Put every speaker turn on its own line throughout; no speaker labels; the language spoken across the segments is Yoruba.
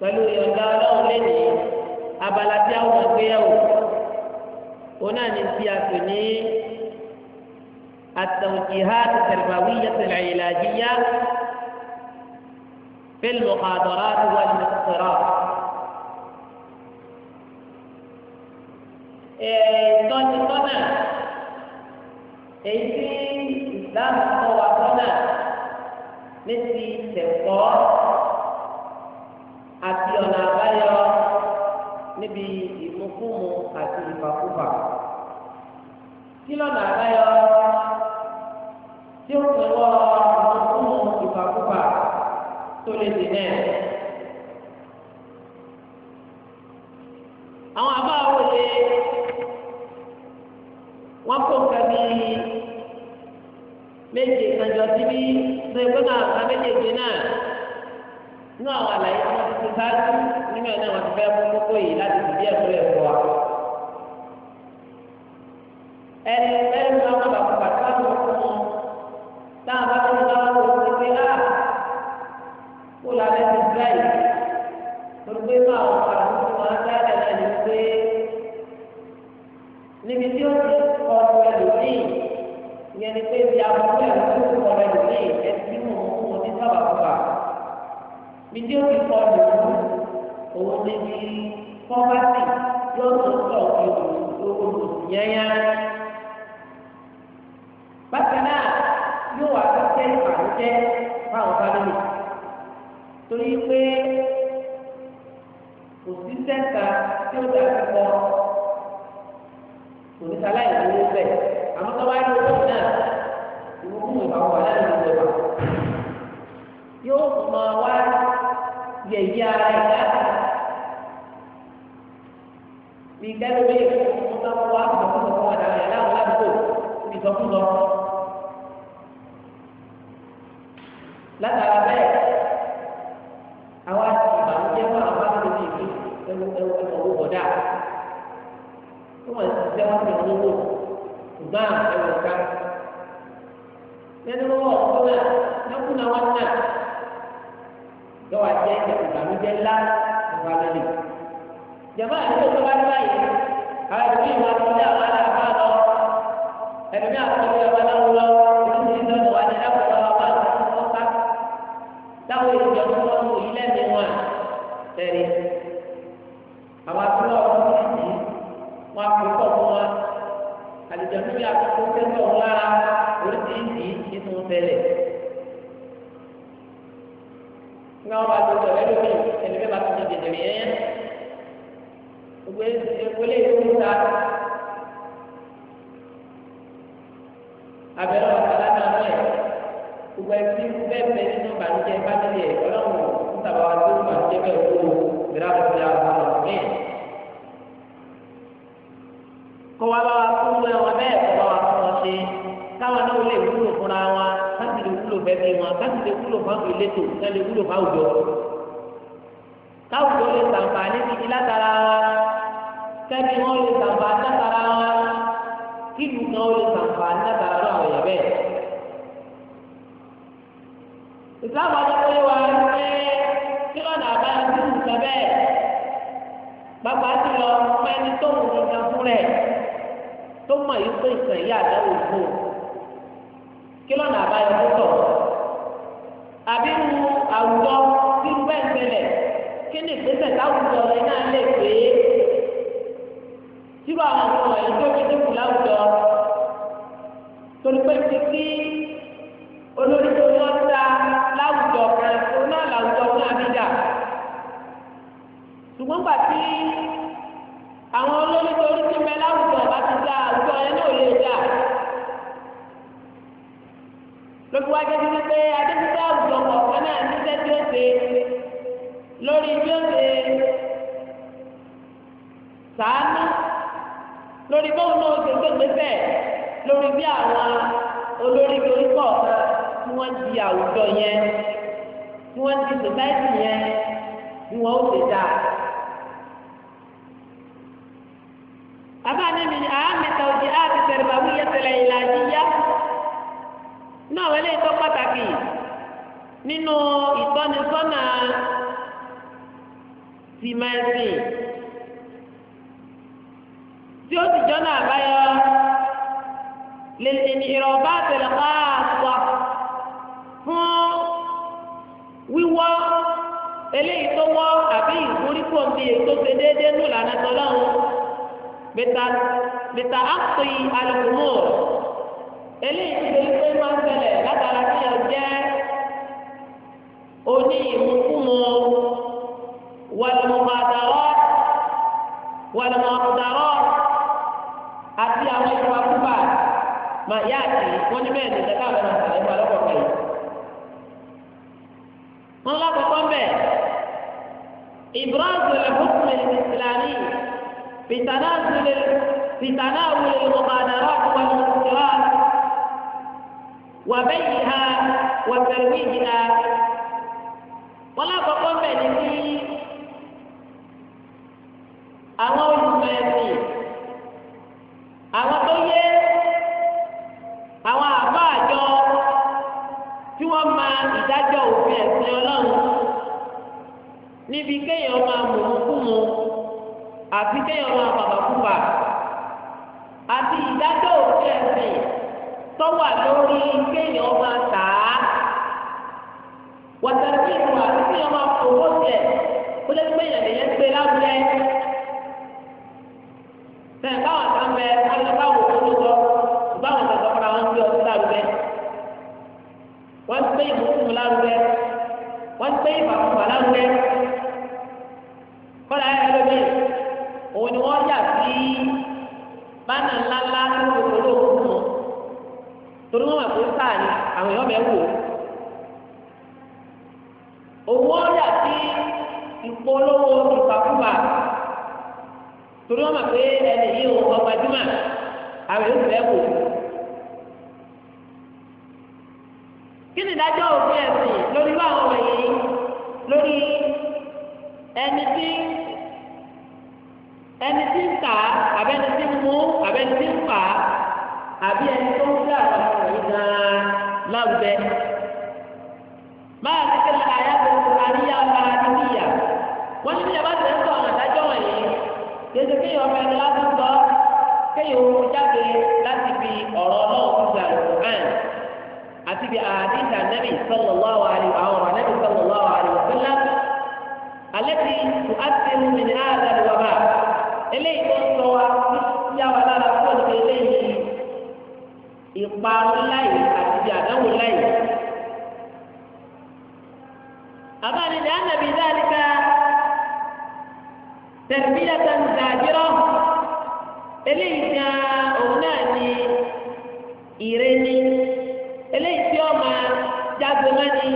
pẹ̀lú ìyọ̀ǹda ọlọ́run lẹ́yìn abala tí àwọn àgbéyẹ̀wò òun náà ní ti àtò ní
التوجيهات التربوية العلاجية
في المخاطرات والمقصرات ìtọ́jú tọ́nà èyí tí ìsìláàmù kọ́ wa tọ́nà ní ti tẹ̀kọ́ àti ọ̀nà àbáyọ níbi ìmúkúmu àti ìfàkúfà. kí lọ́nà àbáyọ tí ó pín wọ́ ìmúkúmu ìfàkúfà tó lè dì náà. àwọn àbá òye wọ́n kó nǹkan bíi méje kanjọ síbí tó náà ká méje dì náà nínú àwọn àlàyé tí wọ́n ti ti sáájú nínú ẹ̀ náà wọ́n ti fẹ́ mú kókó yìí láti fìdí ẹ̀ múlẹ̀ fún wa. ẹni ẹni máa ń bàbà fún bàtà tó kún un táwọn bá tẹ́lẹ̀ bá wọ́n ti pé á ah,
kó lálẹ́ ti gbá yìí olùgbé máa wọ àwọn tó máa dá ẹ̀ náà ní pé
níbi tí ó ti ọ̀rọ̀ ẹlòmíì ìyẹn ni pé ti àwọn ọ̀rọ̀ ìdí òbí kọ lòlú òun ni bí pọ́pátì yóò tó tọ̀ olùyányá. bákan náà yóò wá pẹ́pẹ́ àwùjẹ fáwọn fámìlì torí pé kò sí sẹ́ńtà tí ó dàbí kọ kò ní sálá ìwúlò bẹ́ẹ̀ àwọn tó bá ní owó náà ìwúlò ìbáwọ̀ náà ló ń yóò mọ wá yẹ̀yẹ́ ara ẹ̀dá ní ìdájọ́ bí wọ́n bá wá ìsọkúsọ fún ọ̀dà rẹ̀ láwọn ládùúgbò ìsọkúsọ. látara bẹ́ẹ̀ àwọn àti ìbànújẹ́ fún àwọn bá tóbi ìlú ẹwọ ẹwọ ẹwọ bọ̀dá tí wọ́n ti tẹ́ wọ́n ti ń lówó ṣùgbọ́n ẹwọ ká. nínú wọn ọ̀pọ̀ náà lọ́kùnrin àwọn náà lọ́wọ́ àti ẹ̀jẹ̀ ìgbàlódé ńlá ìwà lẹ́lẹ̀. jẹ̀mọ́ àdúgbò tó bá ní báyìí àwọn ìdílé ìwà tó ní àwọn aláàbá lọ ẹ̀dùnmí àkọ́kọ́ ìwà láwọn lọ ìdílé ìdánwò wà ní ẹ̀kọ́ wa bá wọn ká táwọn ìjọ tó wọn wò yí lẹ́nu wọn tẹ̀lé. àwọn àtúrọ̀ ọ̀hún ti dì í wọn kò tọ̀ fún wọn àlejò àtúnyà àkọ́kọ́ orí ti dì í nínú ní wọn bá tó tọ ẹlòmíì ẹni bẹ́ẹ̀ bá tó tètè tẹ̀lé yẹn gbogbo ìpínlẹ̀ èkó ń ta abẹ́rẹ́ ọ̀sán náà rẹ̀ gbogbo ẹtí bẹ́ẹ̀ bẹ́ẹ̀ nínú ìbànújẹ́ ìbánilẹ̀ ọlọ́run ń tàbá wa tó ìbànújẹ́ bẹ́ẹ̀ kó o gbéra fún mi àwọn ọmọ mi. kọ́ wa bá wa fún wọn bẹ́ẹ̀ kọ́ wa fún wọn ṣe káwa náà lè wúlò fúnra wa káàsì lè wúlò fẹ́mi wọn káàsì lè wúlò fáwọn ìletò ká lè wúlò fáwọn òjò
káwùjọ lè sàǹfààní
gidi látara wa kẹ́mi wọn lè sàǹfààní látara wa kílù kan ó lè sàǹfààní látara lọ àwọn èèyàn bẹ́ẹ̀. ìsìláàmù adékòye wa ṣe kí lọ́nà àbáyọ sí ìsìnkà bẹ́ẹ̀ bàbá ti lọ fún ẹni tó wù ú fún rẹ̀ tó mọ̀ yìí pé ìsìn yìí àdáwò fún un kí lọ́nà àbáyọ tó tọ̀ àbí nu àwùjọ tí ń bẹ́ẹ̀ ṣẹlẹ̀ kí ni ìgbésẹ̀ táwùjọ rẹ náà lè pé tírú àwọn ọmọ ẹ̀ tó fi dínkù láwùjọ torí pé ti kí
olórí tó lọ ta láwùjọ kan tó náà láwùjọ fún abidà
ṣùgbọ́n gbà tí àwọn olórí tó rí ti mẹ́ láwùjọ bá ti dá àwùjọ yẹn náà lè dá lórí wá jẹ́ títí pé adébúgbà àwùjọ kọ̀ọ̀kan náà níṣẹ́ tí ó ṣe lórí tí ó ṣe sàánú lórí bóun náà ṣe gbégbésẹ̀ lórí bí àwọn olórí orí kọ̀ọ̀kan tí wọ́n di àwùjọ yẹn tí wọ́n di sòsáìtì yẹn ni wọ́n ó ṣe dáa. abáni mi àmì tàwọn jẹ́ àti tẹ̀rẹ̀bàwí yẹtẹ̀lẹ̀ ìlànà yíyá inú àwọn eléyìí tó pàtàkì nínú ìtọ́nisọ́nà tìmẹ̀sìn tí ó sì jọ́nà àbáyọ lè ní ìrọ̀bá àtẹlẹ́kọ́ àtọ̀ fún wíwọ́ eléyìí tó wọ́ àbí ìgbóríkò ń bí ètò ṣe déédéé nù lànà tọ́lọ́run bẹ́tà bẹ́tà á alùpùpù eléyìí ti lè pé máa ń ṣẹlẹ̀ látara kí ọ jẹ́
oní ìmúkúmu
wàlùmọ̀dàrọ̀ wàlùmọ̀dàrọ̀ àti àwọn ìfowópamọ́ máa yá àti wọ́n ní bẹ́ẹ̀ ní ìjẹ́ká àwọn ọmọ àtàlẹ́ ìgbà lọ́pọ̀ kẹ́yìn. wọ́n lákòókò mbẹ́
ibrahim al-hukm al-islami fi tanawul al-mubadarati wal-mustirat.
وبيها وترويجها
ولا فقط بنتي àwọn olùkọ́ ẹ̀sìn
àwọn tó yé
àwọn àbá àjọ
tí wọ́n máa ìdájọ́ òfin ẹ̀sìn ọlọ́run níbi kéèyàn máa mú kúmu
àti kéèyàn máa bàbà kúpa
àti ìdájọ́ òfin ẹ̀sìn tọ́wà lórí kéèyàn máa tà á
wàtàkì ìwà kéèyàn máa fowó tẹ̀ kó lè pé èèyàn lèyẹn pé lábẹ́
sẹ́yìn báwọn kan bẹ wọ́n báwọn tó ló sọ báwọn tó sọ fúnra wọn gbé ọtí lárugẹ wọ́n gbé ìmúkùn lárugẹ wọ́n gbé ìfàkùnfà lárugẹ kọ́lá ẹ̀ lóde òun ni wọ́n yà sí bánà ńláńlá tó kòkòrò òkú mọ́ torí wọn wà pé sáà ni àwọn èèyàn bẹ wò owó ọjà sí ìpolówó ìfàkùfà torí wọn wà pé ẹni yìí ò ọgbà jùmọ̀ àwọn èèyàn bẹ wò. kí ni ìdájọ́ òfin ẹ̀sìn lórí bá ọmọ yìí lórí ẹni tí ẹni àbí ẹni tó ń dá àwọn ọmọ yìí gan-an láwùjẹ. máa ní kíkà ayá tó ń kóra ní yá ọba níbí yà wọ́n ní ìjọba tẹ̀ ń sọ ọ̀nà àdájọ́ wọ̀nyí kéde kéèyàn ọmọ ẹni láti sọ kéèyàn owó jáde láti fi ọ̀rọ̀ náà ń gbà lọ́kàn àti bí àdìsá nẹ́bí sallallahu alaihi àwọn ọ̀rọ̀ nẹ́bí sallallahu alaihi wasallam
alẹ́bí tu'athiru min hadha al-waba eléyìí tó ń sọ wa yá wa lára fún ọ̀sẹ̀ eléyìí
ìparun láyé àti ibi àdánwò láyé.
abáni ní anabi dáadéka
tẹ̀síyàtà ń dàjírọ́
eléyìí ní òun náà ní
ìrẹ́ni eléyìí tí ó máa jáde mọ́ni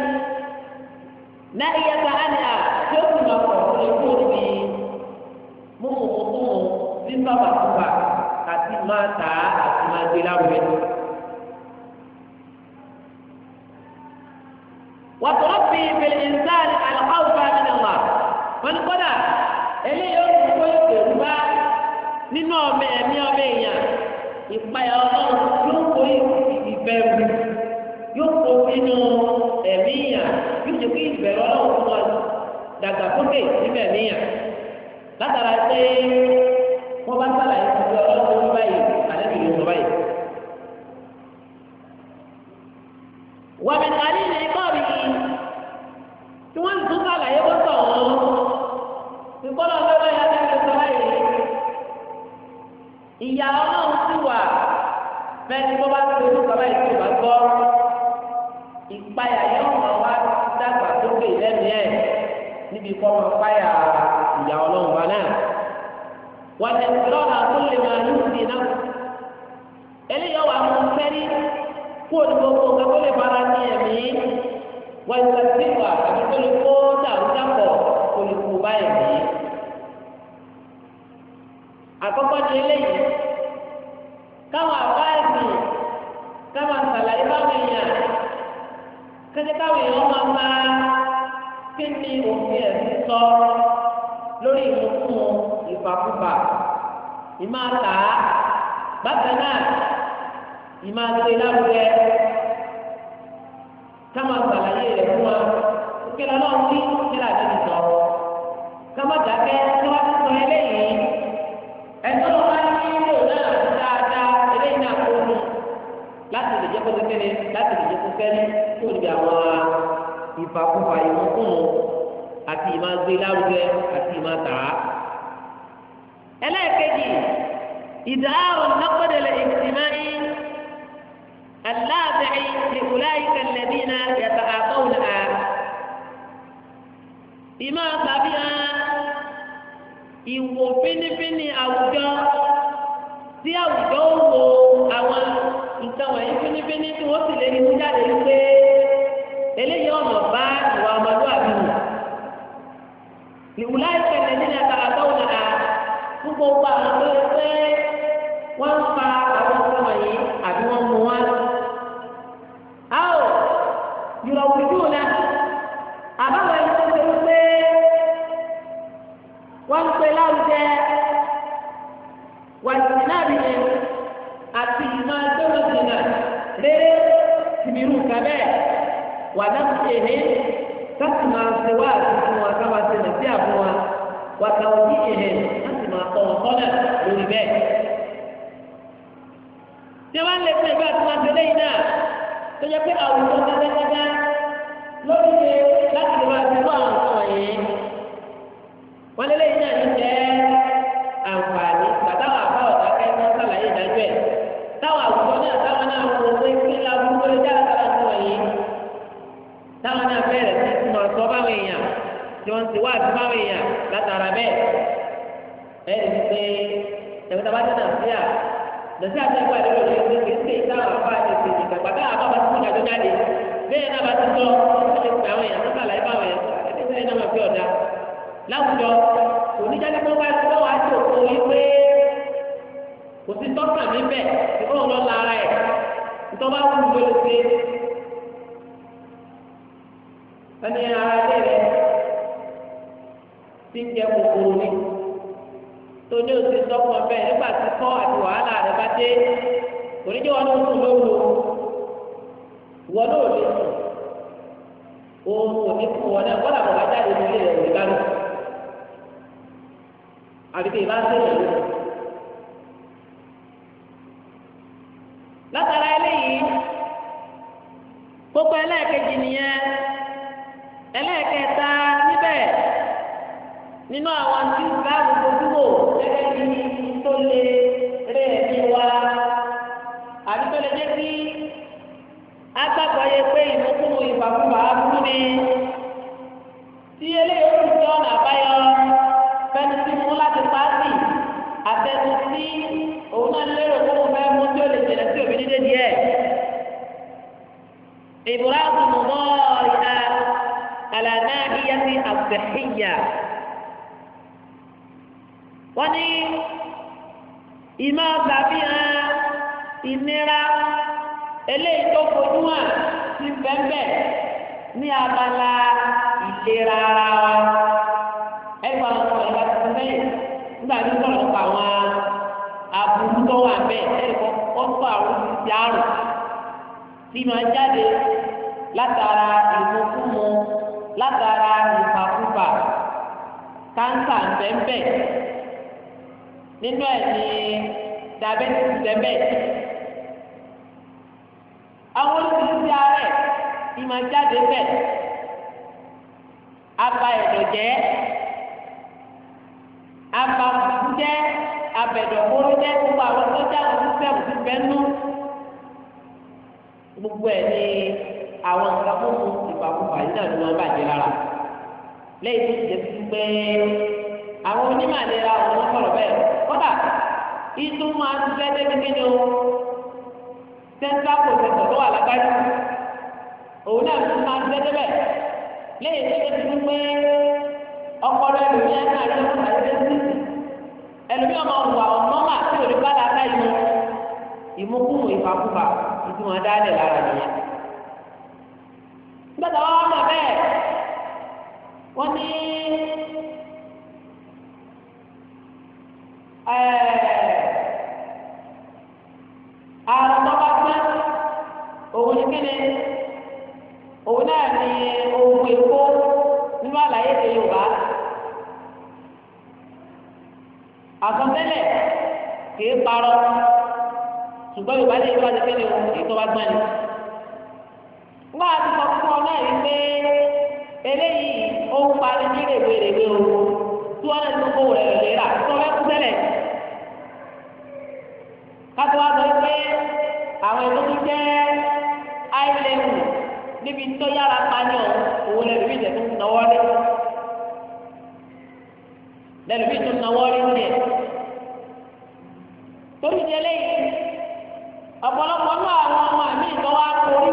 náà ìyàtà á ní à tí ó kùnà pọ̀ lójú òbí mímú mímú bíbá bàtúbà àti máa tà á àti máa gbé láwùjọ. fi ìfẹ̀lẹ̀ ìsàn àlùkọ́fà nínú wa wọn kọ́dà eléyìí ó ti kó ìbẹ̀rù bá nínú ọmọ ẹ̀mí ọmọ èèyàn ìpayà ọlọ́run yóò kó ìbẹ̀rù yóò kó inú ẹ̀mí yàn yóò ti kó ìbẹ̀rù ọlọ́run fún ọ dàgbàsókè níbẹ̀ níyàn látara tó ń báyìí àlẹ́ ìlú ọ̀báyìí. wàmí nàlí ni. ìkọlọ bẹbẹ yà lẹnu sọlá yìí ìyá Ọlọ́run sì wà fẹni bó bá ti lóko bàbá yìí tó bá gbọ́ ìpayà yóò mọ wá dàgbà sókè lẹ́nu ẹ níbi kọ́ máa páyà ìyá Ọlọ́run wa náà
wọn ti sọ̀rọ̀ náà tó lè máa ní ìdí náà
eléyàwó àwọn fẹ́rí kó o ní gbogbo nǹkan tó lè fara ní ẹ̀mí wọn ti sọ̀rọ̀ àbí tó lè kó dàrú dàpọ̀ kó lè kú báyìí nìyí. àkọ́kọ́ ni eléyìí káwọn àbáyìí káwọn sàlàyé báwọn èèyàn kéde káwọn èèyàn máa máa kí ni òfin ẹ̀sìn sọ lórí ìmúkún ìfàkùfà ìmáàlá bákan náà ìmáàlá ìlàrúgẹ káwọn sàlàyé rẹ̀ fún wa. kí lọ náà wí kí lọ àti sọ kọ́mọ dàbẹ́ kí wọ́n ti sọ eléyìí ẹ̀tọ́ ló bá ní ilé òun náà dáadáa eléyìí náà kó mu láti lè jẹ́ kó tó kéde láti lè jẹ́ kó fẹ́ẹ́ kó lè àwọn ìfàkùfà ìmọ̀kùnmù àti ìmọ̀ gbé lárugẹ àti ìmọ̀ tàá. ẹlẹ́ẹ̀kejì ìdáhùn lọ́kọ̀dẹ̀lẹ̀ ìtìmáì aláàbẹ̀ẹ́ lè kúláyìí kẹlẹ̀ bí náà yàtọ̀ àtọ̀wò ìmọ̀ àtàbíyàn ìwò fínífíní àwùjọ tí àwùjọ ó wo àwọn nǹkan wọ̀nyí fínífíní tí wọ́n sì lè ní mú jáde pé eléyìí ọ̀nà bá ìwà ọmọlúwàbí wù. ìwúlá ìpẹ̀lẹ̀ nínú ẹ̀ka àtọ́wò náà gbogbo ọgbà àwọn tó yẹ pé wọ́n ń fa àwọn nǹkan wọ̀nyí àbí wọ́n mú wọn. a ò yọ̀wù jù náà. wọ́n ń pè láwùjẹ wàtìláàbìyẹ àti ìmọ̀ ẹgbẹ́rọ̀dìnà lé tìmírù kábẹ́ wàdàkùnṣe ní láti máa ṣe wá àtúntò wọn ká máa ṣe lè sí àbọ̀ wọn wàtàwọn oníṣe ní láti máa tọ̀ wọn kọ́nà lórí bẹ́ẹ̀. tí wọ́n lè fún ìgbà tí ṣe lẹ́yìn náà tó yẹ pé àwùjọ dáadáa lórí láti lè máa ṣe wá àwọn ọ̀sán yìí wọ́n lé lẹ́yìn náà ní jẹ́ àǹfààní gbàtàwọn àbá ọ̀tá kẹ́kẹ́ sàlàyé ìdájọ́ ẹ̀ táwọn àwùjọ náà táwọn náà wọ pé kí ńlá burúkú lè dára sára sí wọn yìí
táwọn náà bẹ̀rẹ̀ sí ti máa sọ báwọn èèyàn tí wọ́n ti wá àti báwọn èèyàn látara bẹ́ẹ̀ bẹ́ẹ̀ ni pé
ẹ̀wọ́n tá a bá tẹ̀ náà sí à lọ́sí àtẹ̀kọ́ àdébò lórí ẹgbẹ́ kì í ṣe táwọn àbá àti ìṣèjì kàgbà táwọn àbá bá ti fún ìdájọ́ jáde bẹ́ẹ̀ náà bá ti sọ ó ti pè àwọn èèyàn tó sàlàyé báwọn èèyàn tó láwùjọ kò ní jáde kó báyìí kó wàá tó kó wípé kò sí tọ́kàn níbẹ̀ tí kò ń lọ lára ẹ̀ ntọ́ba wù ú lórí ṣe ẹni ara ilé rẹ̀ ti ń jẹ kòkòrò ni tó ní òsì tọkàn bẹ́ẹ̀ nígbà tí kọ́ àti wàhálà rẹ̀ bá dé kò ní jẹ́ wọn ló ń sùn lóru wọn náà lè sùn òun kò ní kú wọn náà wọn làwọn bá jáde nílé rẹ̀ nígbà náà àbí tèè bá ń sèyàn lóko. látara eléyìí kókó ẹlẹ́ẹ̀kejì nìyẹn ẹlẹ́ẹ̀kẹta níbẹ̀ nínú àwọn tí إبراز مضارع على ناحية الصحية وني إما ìmọ̀ ṣàfihàn ìnira eléyìí tó fojú hàn sí bẹ́ẹ̀ ní abala ìlera ara wa ẹgbẹ́ àwọn ọmọ ìlera tuntun bẹ́ẹ̀ nígbà tí wọ́n sọ̀rọ̀ pa àwọn aburú tó wà bẹ́ẹ̀ ẹ̀kọ́ wọ́n sọ àwọn oṣù tí a tí máa jáde látara ìmúkúmu látara ìfàkúfà
kánsà ńbẹ́ńbẹ́
nínú ẹ̀ ní diabetes ńbẹ́ńbẹ́ àwọn oríṣiríṣi ààrẹ tí máa jáde bẹ̀ aba ẹ̀dọ̀ jẹ́ aba kúkú jẹ́ abẹ̀dọ̀ kóró jẹ́ gbogbo àwọn sọ́jà òkú sẹ́wù ti bẹ́ẹ̀ nú gbogbo ẹ̀ ní àwọn nǹkan tó mú ìpàkùpà yìí náà ló máa bàjẹ́ lára lẹ́yìn tó ti jẹ́ pé àwọn onímọ̀ àlera òun ló sọ̀rọ̀ bẹ́ẹ̀ kódà ìtú máa ti fẹ́ débi nínú
sẹ́ńtà kò tẹ̀sán tó wà lágbájú
òun náà ti máa ti fẹ́ débẹ̀ lẹ́yìn tó ti pé ọpọlọ ẹlòmíràn náà ló ń sàlẹ̀ sí
ẹlòmíràn máa wà ọ̀nọ́mà tí òní bá làákà yìí
ìmúkúmù ìfàkùfà ìtumọ̀ dálẹ̀ lára nìyẹn. gbọ́dọ̀ wọ́n mọ̀ bẹ́ẹ̀ wọ́n ní àrùn tó bá tán òun ní kíni òun náà ní ohun èkó nínú àlàyé ti Yorùbá àtọ̀tẹ́lẹ̀ kì í parọ́ ṣùgbọ́n yorùbá lè yọ adé kéde ohun èyí tó bá gbọ́n ni. ńgbà àti sọ fún ọ náà rí pé eléyìí ó parí ní rèwerèwe o tí wọ́n lè tún kówó rẹ̀ lè rà tó fẹ́ kú tẹ́lẹ̀. kátó wá sọ pé àwọn ètò tó jẹ́ áìlẹ́wù níbi tó yára pa ní ọ̀hún òun lẹ́nu bí ìjẹ̀tún náwó rí lẹ́nu bí ìjẹ̀tún náwó rí ń jẹ torí jẹ lẹ́yìn ọ̀pọ̀lọpọ̀ náà àwọn ọmọ mi ìtọ́wá torí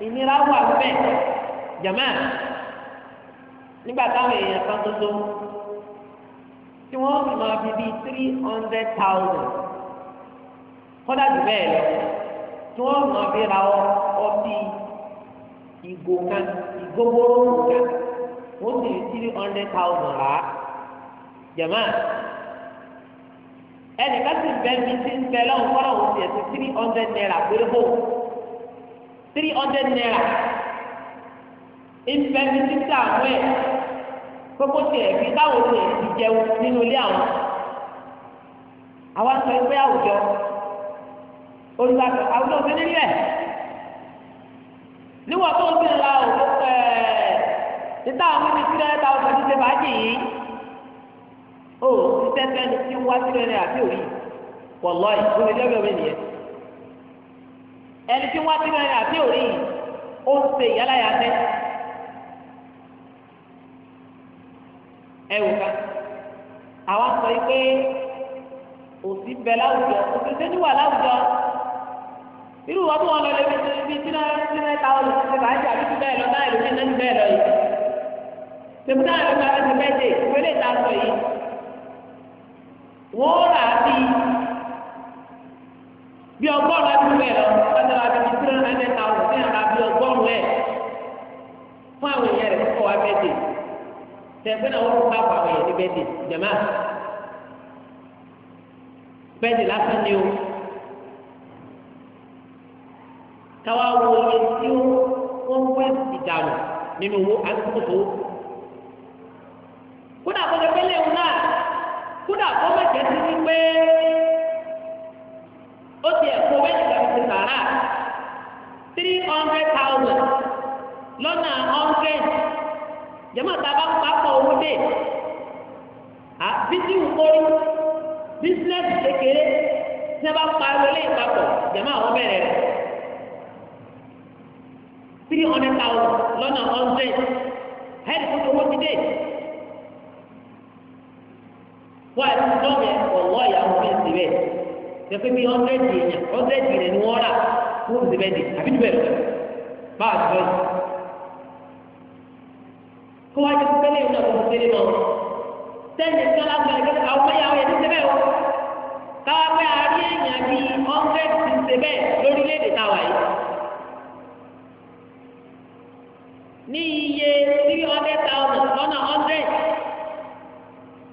ìnira wà bẹ́ẹ̀ jàmá nígbà táwọn èèyàn kan tó tó tí wọ́n sì máa fi bíi three hundred thousand kọ́dà jù bẹ́ẹ̀ lọ tí wọ́n máa fi ra ọtí ìgò kan ìgbógbóró kan wọ́n sì fi three hundred thousand rà á jàmá ẹnìkan sì bẹ́ẹ̀ mi ti ń bẹ lọ́wọ́ kọ́dà wọ́n sì ẹ̀ sí three hundred naira péré three hundred naira ìfẹ́ mi títí àwọn ẹ̀ kókó tiẹ̀ fi táwọn tiẹ̀ ti jẹun nínú ilé àwọn àwọn sọ pé àwùjọ olùwàsọ àwùjọ òfin nílẹ̀ níwọ̀n tó ń sì la òkú ẹ̀ títà àwọn mímí tí lẹ́yìn táwọn ọ̀sán ti ṣe fàájì yìí ó ti tẹ́tẹ́ ní tí wọ́n wá sílẹ̀ ní àbí òyì pọ̀ ìfúnni lẹ́gbẹ̀ẹ́ mi nìyẹn ẹni tí wọ́n ti rìn àti òrí yìí ó ń ṣe ìyálà yà tẹ́ ẹ wò ká àwa sọ yìí pé òsì bẹ láwùjọ òsì sẹ́ni wà láwùjọ irú wọn tó wọn lọ lébi tó ibi tí náà tí náà táwọn lè ṣe báyìí àbí tí bẹ́ẹ̀ lọ náà lè fi náà bẹ́ẹ̀ lọ yìí
tèmi náà lè fi náà ti bẹ́ẹ̀ dé ìwé lè ta sọ yìí
wọ́n rà á bíi bí ọgọ́rùn ẹbí bẹ́ẹ̀ lọ ẹni la bí three hundred thousand ní àná bí ọgọ́rùn ẹ̀
fún àwọn èèyàn rẹ̀ kọ́ wa bẹ́ẹ̀ dé
tẹ̀sán àwọn kọ́ àwọn èèyàn ní bẹ́ẹ̀ dé jẹ̀má bẹ́ẹ̀ dé lásán ni o káwá wo iye tí wọ́n wé ìdàrú nínú owó àtúntò kódà kó lè pélé kódà kó mẹ́jẹ sí wípé.
lọ́nà ọ̀nkẹ́ jẹ́mọ̀ tá a bá papọ̀ owó dé
bísí nkórí bísínẹ́sì kékeré tí wọ́n bá pariwo lé ìpapọ̀ jẹ́mọ̀ àwọn bẹ̀rẹ̀ rẹ̀ three hundred thousand lọ́nà hundred ẹ̀ẹ́dì tó tó wọ́n ti dé wọ́n àti ìjọba ẹ̀ ọ̀wọ́ ìyàwó fi ń ti bẹ́ẹ̀ tẹ́fẹ́ bí hundred yìí yàn hundred yìí rẹ̀ ni wọ́n rà fún ìbẹ́ẹ̀dì àbí ìbẹ́ẹ̀dì báà ti bẹ́ẹ̀ kó wá jẹ́ pẹ́lẹ́ ìlú àbúrò tẹ́lẹ̀ mọ́ sẹ́yìn tí wọ́n á gbà àwọn ọmọ yàwó yẹn ti ṣe bẹ́ẹ̀ o káwá pé àárín èèyàn bíi hundred ti ṣe bẹ́ẹ̀ lórílẹ̀‐èdè táwa yìí ní iye three hundred thousand lọ́nà hundred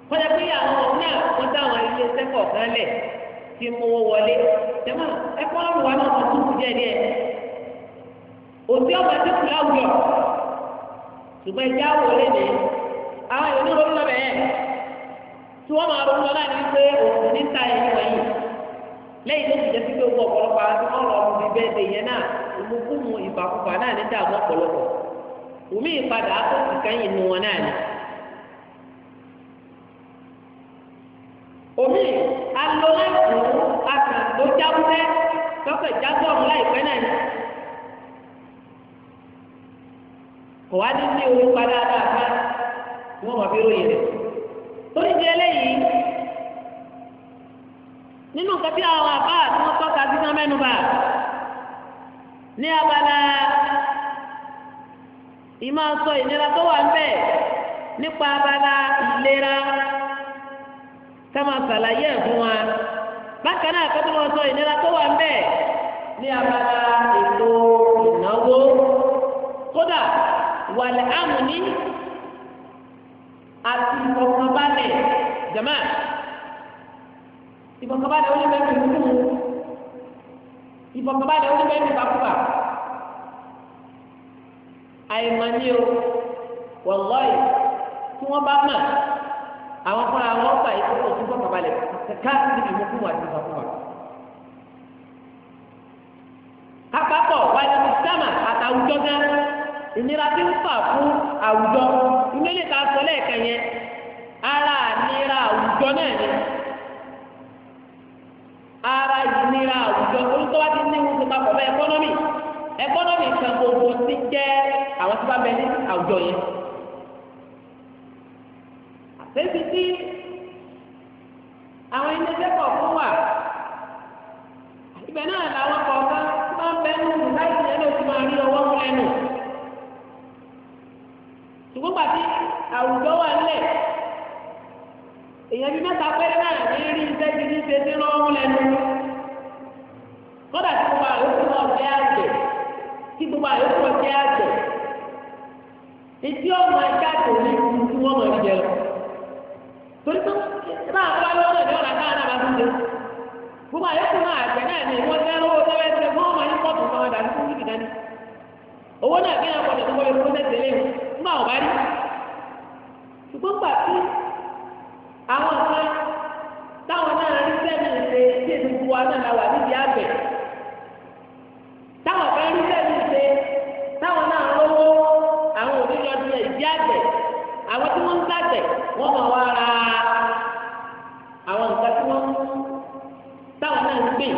kọ́jà pé àwọn ọ̀hún náà wọ́n táwọn ilé sẹ́kọ̀ọ́ kan lẹ̀ fi mú owó wọlé jẹ́mọ́ ẹ̀kọ́ ọ̀rùn wa náà wọ́n tún kú díẹ̀ díẹ̀ òsì ọ̀gbà tó kù láwùjọ ṣùgbọ́n ẹja wò léde àwọn èèyàn onírúurú lọ bẹ̀yẹ tí wọ́n máa ronú lọ́la ní pé òkú ní ta ẹ̀yìn wọ̀nyí lẹ́yìn tó ti jẹ́ sí pé owó ọ̀pọ̀lọpọ̀ àti wọ́n lọ ọmọ bíi bẹ́ẹ̀ lèyẹn náà ìmúkúmu ìfàkùfà náà ní dààmú ọ̀pọ̀lọpọ̀ òmí ìpadà tó ti kẹ́yìn nu wọn náà ni. òmí alọ́lẹ́kùn akàndójáwúrẹ́ tọ́kẹ̀ jágbọ́n láìpẹ́ náà ni. kò wá ní ní orí padà dáadáa wọn mọ̀ bí ròyìn rẹ̀ torí di eléyìí nínú nǹkan tí àwọn àbá tí wọ́n tọ́ka sí náà mẹ́nuba ní abala ìmọ̀ sọ ìnira tó wà ń bẹ̀ nípa abala ìlera ká máa ṣàlàyé ẹ̀ fún wa bákan náà kó tó lọ sọ ìnira tó wà ń ní abala ètò ìnáwó kódà wàlẹ̀ àmúni
àti ìfọ̀kànbalẹ̀ jama
ìfọ̀kànbalẹ̀ ó lè bẹ́ẹ̀ fi kú ìfọ̀kànbalẹ̀ ó lè bẹ́ẹ̀ fi bàkúbà àìmọ̀ni o wọ̀lọ́ọ̀yì tí wọ́n bá mà àwọn fúnra wọn fà yìí kókò tí wọ́n kàbalẹ̀ ká àti ìfọ̀kúmọ̀. kápákọ̀ wáyé ní sámà àtàwùjọ náà. ìnira tí ń fà fún àwùjọ ìmẹ́lẹ̀ tá a sọ ara ìnira àwùjọ náà ni ara ìnira àwùjọ orúkọ wa ti ní papọ̀ mọ́ ẹkọ́nọ́mì ẹkọ́nọ́mì kan gbogbo ti jẹ́ àwọn tí wọ́n bẹ ní àwùjọ yẹn. àtẹ́sí tí àwọn kọ̀ọ̀kan wà ibẹ̀ náà làwọn kọ̀ọ̀kan máa ń bẹ́ẹ̀ ṣùgbọ́n pàtí àwùjọ wà nílẹ̀ èèyàn bíi mẹ́ta péré náà ní rí iṣẹ́ ti ní ṣe sí lọ́wọ́ lẹ́nu kódà tí gbogbo àyókù náà jẹ́ àgbẹ̀ tí gbogbo àyókù náà jẹ́ àgbẹ̀ etí ọmọ ẹja tó ní ibi tí wọ́n máa jẹ lọ
torí tó bá náà bá tún gbogbo náà àgbẹ̀ náà ní ìwọ́n tẹ́ lọ́wọ́ owó náà kí ẹ̀kọ́ tó wọlé fún tẹ̀sẹ̀ lé nígbà wọn bá rí
ṣùgbọ́n gbà tí àwọn kan táwọn náà rí sẹ́mi ṣe tí èdè gbogbo wa náà wà níbi àgbẹ̀ táwọn kan rí sẹ́mi ṣe táwọn náà lówó àwọn òbí lọ sí ìdí àgbẹ̀ àwọn tí wọ́n ń sàgbẹ̀ wọ́n mọ̀ wá ra àwọn nǹkan tí wọ́n táwọn náà ń gbìn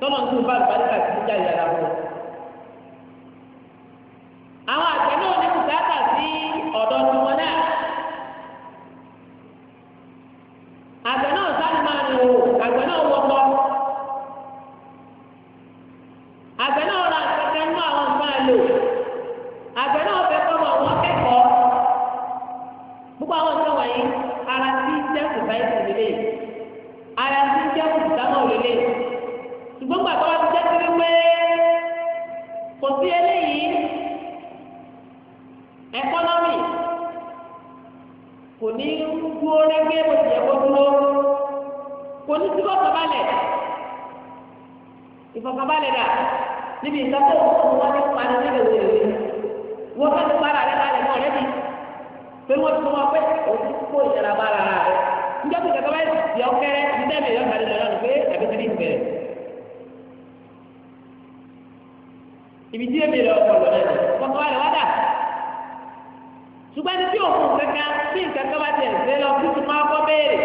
tọ́lọ́ ń tún bá àlùbáríkà àwọn àgbẹ̀ náà ní bùkátà sí ọ̀dọ́ tí wọ́n ibi tí èmi lọ kọlọ náà ni kọkọ rẹ wá dà ṣùgbọ́n ẹni tí òkun kankan tí nǹkan kan bá tẹ̀ ṣe lọ kí tuma kọ́ béèrè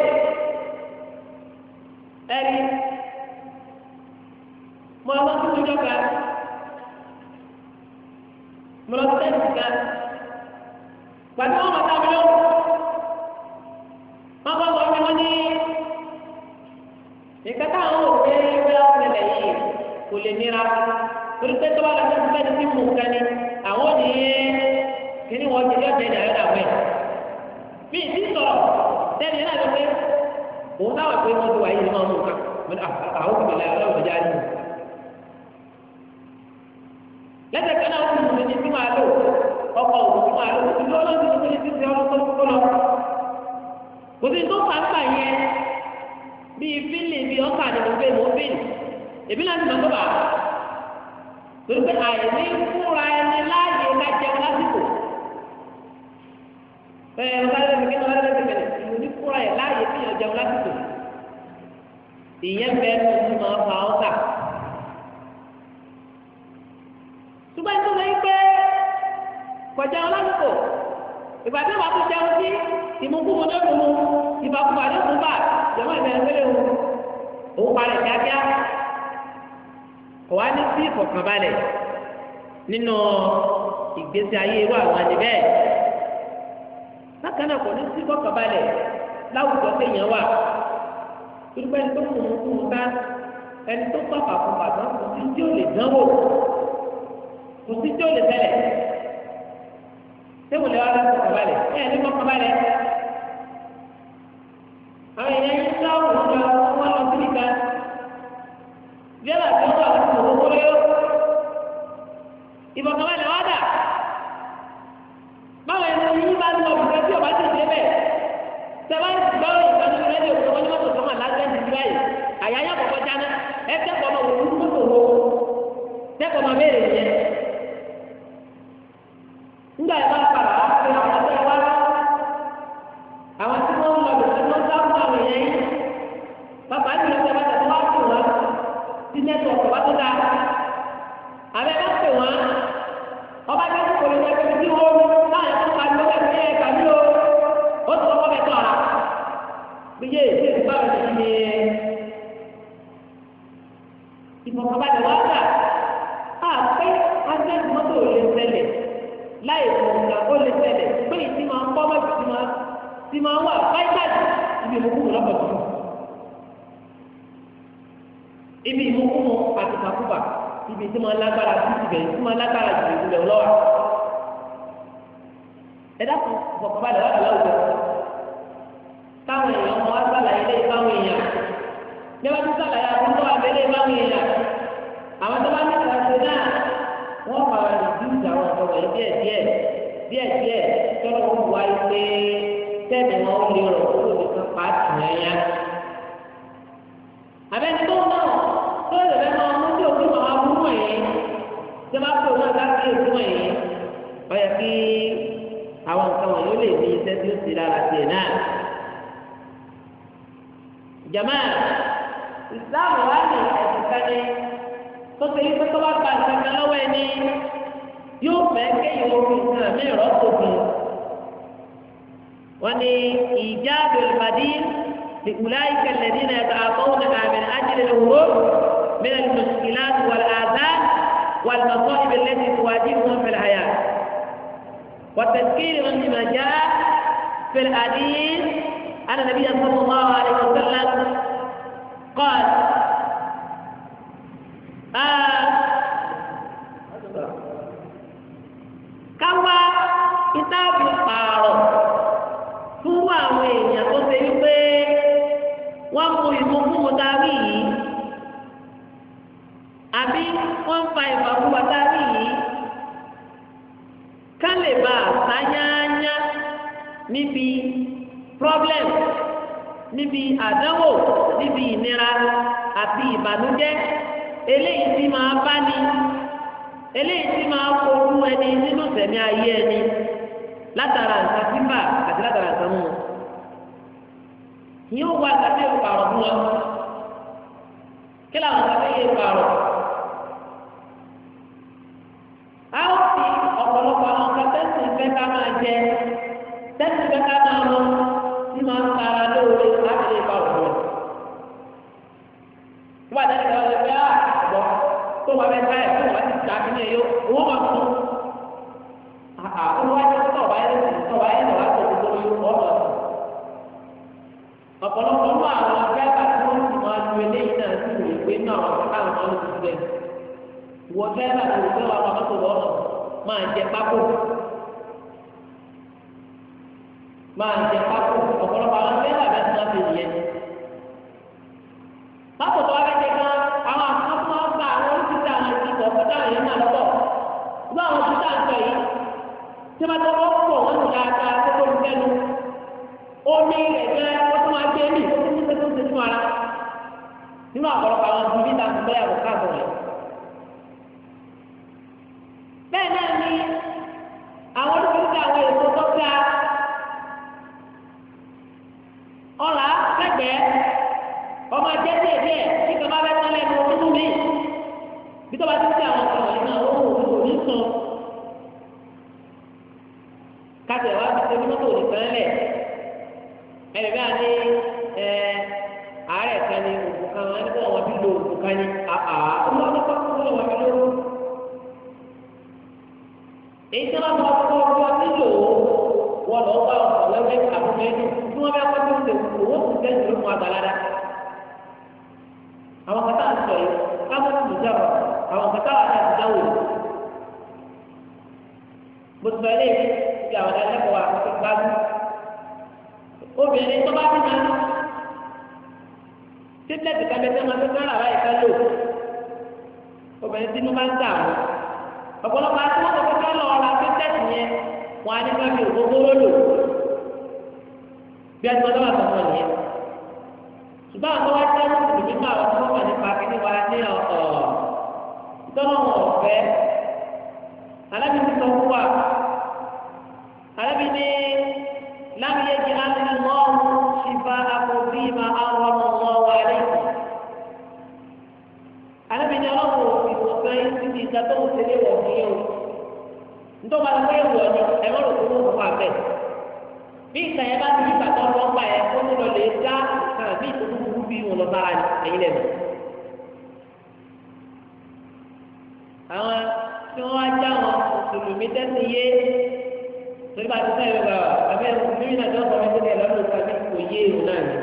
ẹni mo lọ sí ojú ọ̀gá mo lọ sí ẹ̀sìn kan
pàtó wọn bàtà mi lọ
wọn bá wọn wọn ní nǹkan táwọn ò gbé ọ̀sẹ̀ lẹ́yìn kò lè nira torí pé tó bá lọ sí fẹ́ẹ́ ti mú nǹkan ni àwọn ò ní yé kíní wọn ti yọ̀ọ́ tẹ̀lé àyọ̀dà wẹ̀. bí ìdí sọ̀rọ̀ tẹ́lẹ̀ náà ló pé òun náà wà pé wọ́n ti wà yìí nínú ọmọ nǹkan ah, àwọn òbí lẹ́yìn ọlọ́run ìjà ni. lẹ́sẹ̀ kan náà ó ti mú mi tí máa lò ọkọ̀ òun tí máa lò ìlú ọlọ́run ti ti ti ọlọ́run tó lọ. kò sí tó fà á yẹn bíi fílì bíi ọkà ni mo fẹ́ mo fílì èmi náà ti mọ̀ torí pé àìní fúnra ẹni láàyè lájẹ lásìkò bẹ́ẹ̀ lọ́dọ̀ mi kíni lọ́dọ̀ mi kíni ìlú ní fúnra ẹ̀ láàyè fi hàn jẹun lásìkò ìyẹn bẹ́ẹ̀ ló ń máa fa ọ́ kà. ṣùgbọ́n ìtọ́ sọ pé kọjá lásìkò ìbàdí wà tó jẹun sí ìmúkúmu ní òkú mu ìbàkúmà ní òkú bá jẹun ìbẹ̀rẹ̀ pẹ̀lẹ́ òun
òun parẹ̀ kíákíá kò wá ní sí ìfọ̀kànbalẹ̀
nínú ìgbésí ayé irú àwọn ẹni bẹ́ẹ̀ bákan náà kò ní sí ìfọ̀kànbalẹ̀ láwùjọ téèyàn wà irúgbà ẹni tó kùn ún kùn ún bá ẹni tó pàpà fún bàbá kò sí tí ó lè dánwò kò sí tí ó lè tẹ̀lẹ̀ tẹ́wọ̀n lẹ́wọ́ láti ìfọ̀kànbalẹ̀ ẹ̀ ní ìfọ̀kànbalẹ̀
àwọn èèyàn yẹn ń sáwọ́ wọn lọ sí ìka
yálà tí wọ́n o lóko gbogbo lélo
ìbọn kan bá lè wá dà báwo ẹni tí yín bá ń lọ bùkẹ́ tí ọba ti dé bẹ̀
tẹ̀wá gbọ́rọ̀ ìgbàlódé rẹ́díò tó wọ́n ní mọ́tò tó mọ̀ lásán ti di báyìí àyà yà kọ̀kọ́ jáná ẹ tẹ́kọ̀ọ́ mọ̀ wò ó mọ́tò wò ó tẹ́kọ̀ọ́ mọ̀ béèrè yẹn ńgbà yẹn bá ń padà wá. àbẹ́ni tó náà lórí rẹ̀ máa mú tí òkú màmá mú mọ̀ yẹn tí wọ́n bá fi òun àgbà sí èkú mọ̀ yẹn ó yẹ kí àwọn nǹkan wọ̀nyí ó lè ní iṣẹ́ tí ó ti lára tiẹ̀ náà. jama islam wa ni ẹ̀sìn kani
tó ṣe yí pé tó bá gba nǹkan kan lọ́wọ́ ẹni yóò fẹ́ kéyìn ogun kan mí rọ́ọ̀tò
kan wọ́n ní ìjà àbẹ̀rẹ̀ لأولئك الذين يتعاطونها من أجل الهروب من المشكلات والآذان والمصائب التي تواجههم في الحياة والتذكير بما جاء في الحديث أن النبي صلى الله عليه وسلم قال آه àdánwò níbi ìnira àti ìbànújẹ́ eléyìí tí máa bá ní eléyìí tí máa fojú ẹni nínú sẹ̀mí ayé ẹni látara nǹkan fífà àti látara nǹkan mú yóò wá kàtí ìpààrọ̀ fún wa kí làwọn kàtí yẹ a ó fi ọ̀pọ̀lọpọ̀ àwọn ká máa jẹ ká máa máa tó wà bẹ́ẹ̀ báyà tó wà ti ta kí ni yó owó máa tún àà olùwájú tó wà yẹn tó wà yẹn lọ́wọ́ tó tó yó ọ̀
lọ sí. ọ̀pọ̀lọpọ̀ mú àwọn abẹ́ẹ̀bà tí wọ́n ti máa lu eléyìí náà sí ìwé ìwé náà wọ́n ti káwọn ọ̀rọ̀ ti bẹ̀.
wọ bẹ́ẹ̀bà tó wọ́n wà wọ́n tó wọ́n máa jẹ pákó máa jẹ pákó ọ̀pọ̀lọpọ̀ àwọn abẹ́ẹ̀bà bẹ́ẹ̀ bá dá tẹ́tẹ́tì kábẹ́tẹ́ máa tẹ́tẹ́ rà báyìí ká lò obìnrin tí mo bá ń tà mọ́ ọ̀pọ̀lọpọ̀ àti wọn kọ̀ọ̀kan ká lọ ra tẹ́tẹ́tì yẹn wọn á ní ká fi òkòkòrò lò bí a ti wọn lọ́wọ́ àtọ́kọ̀ nìyẹn ṣùgbọ́n àwọn wá jẹ́ mùsùlùmí mímọ́ àwọn tí wọ́n wà nípa kí ni wà ní ọ̀ọ̀ ìtọ́nà wọn ọ̀fẹ́ alábìsí sọ fún wa. ntọ́ba ló yẹ wọ ni ẹ má lò fún òun wà bẹ́ẹ̀ bí nǹkan yẹn bá ti ní bàtà ọlọ́pàá yẹn ó ní lọ lè dá nǹkan bí ìtọ́jú burú bí wọn lọ bára ní ẹ̀yìn lẹ́nu. àwọn tí wọ́n á já wọn mùsùlùmí tẹ́sí yé torí bá ti sẹ́yìn lọ àbẹ́ mímí náà tó sọ̀rọ̀ ìdílé lọ́dún tó ti kò yé òun náà ni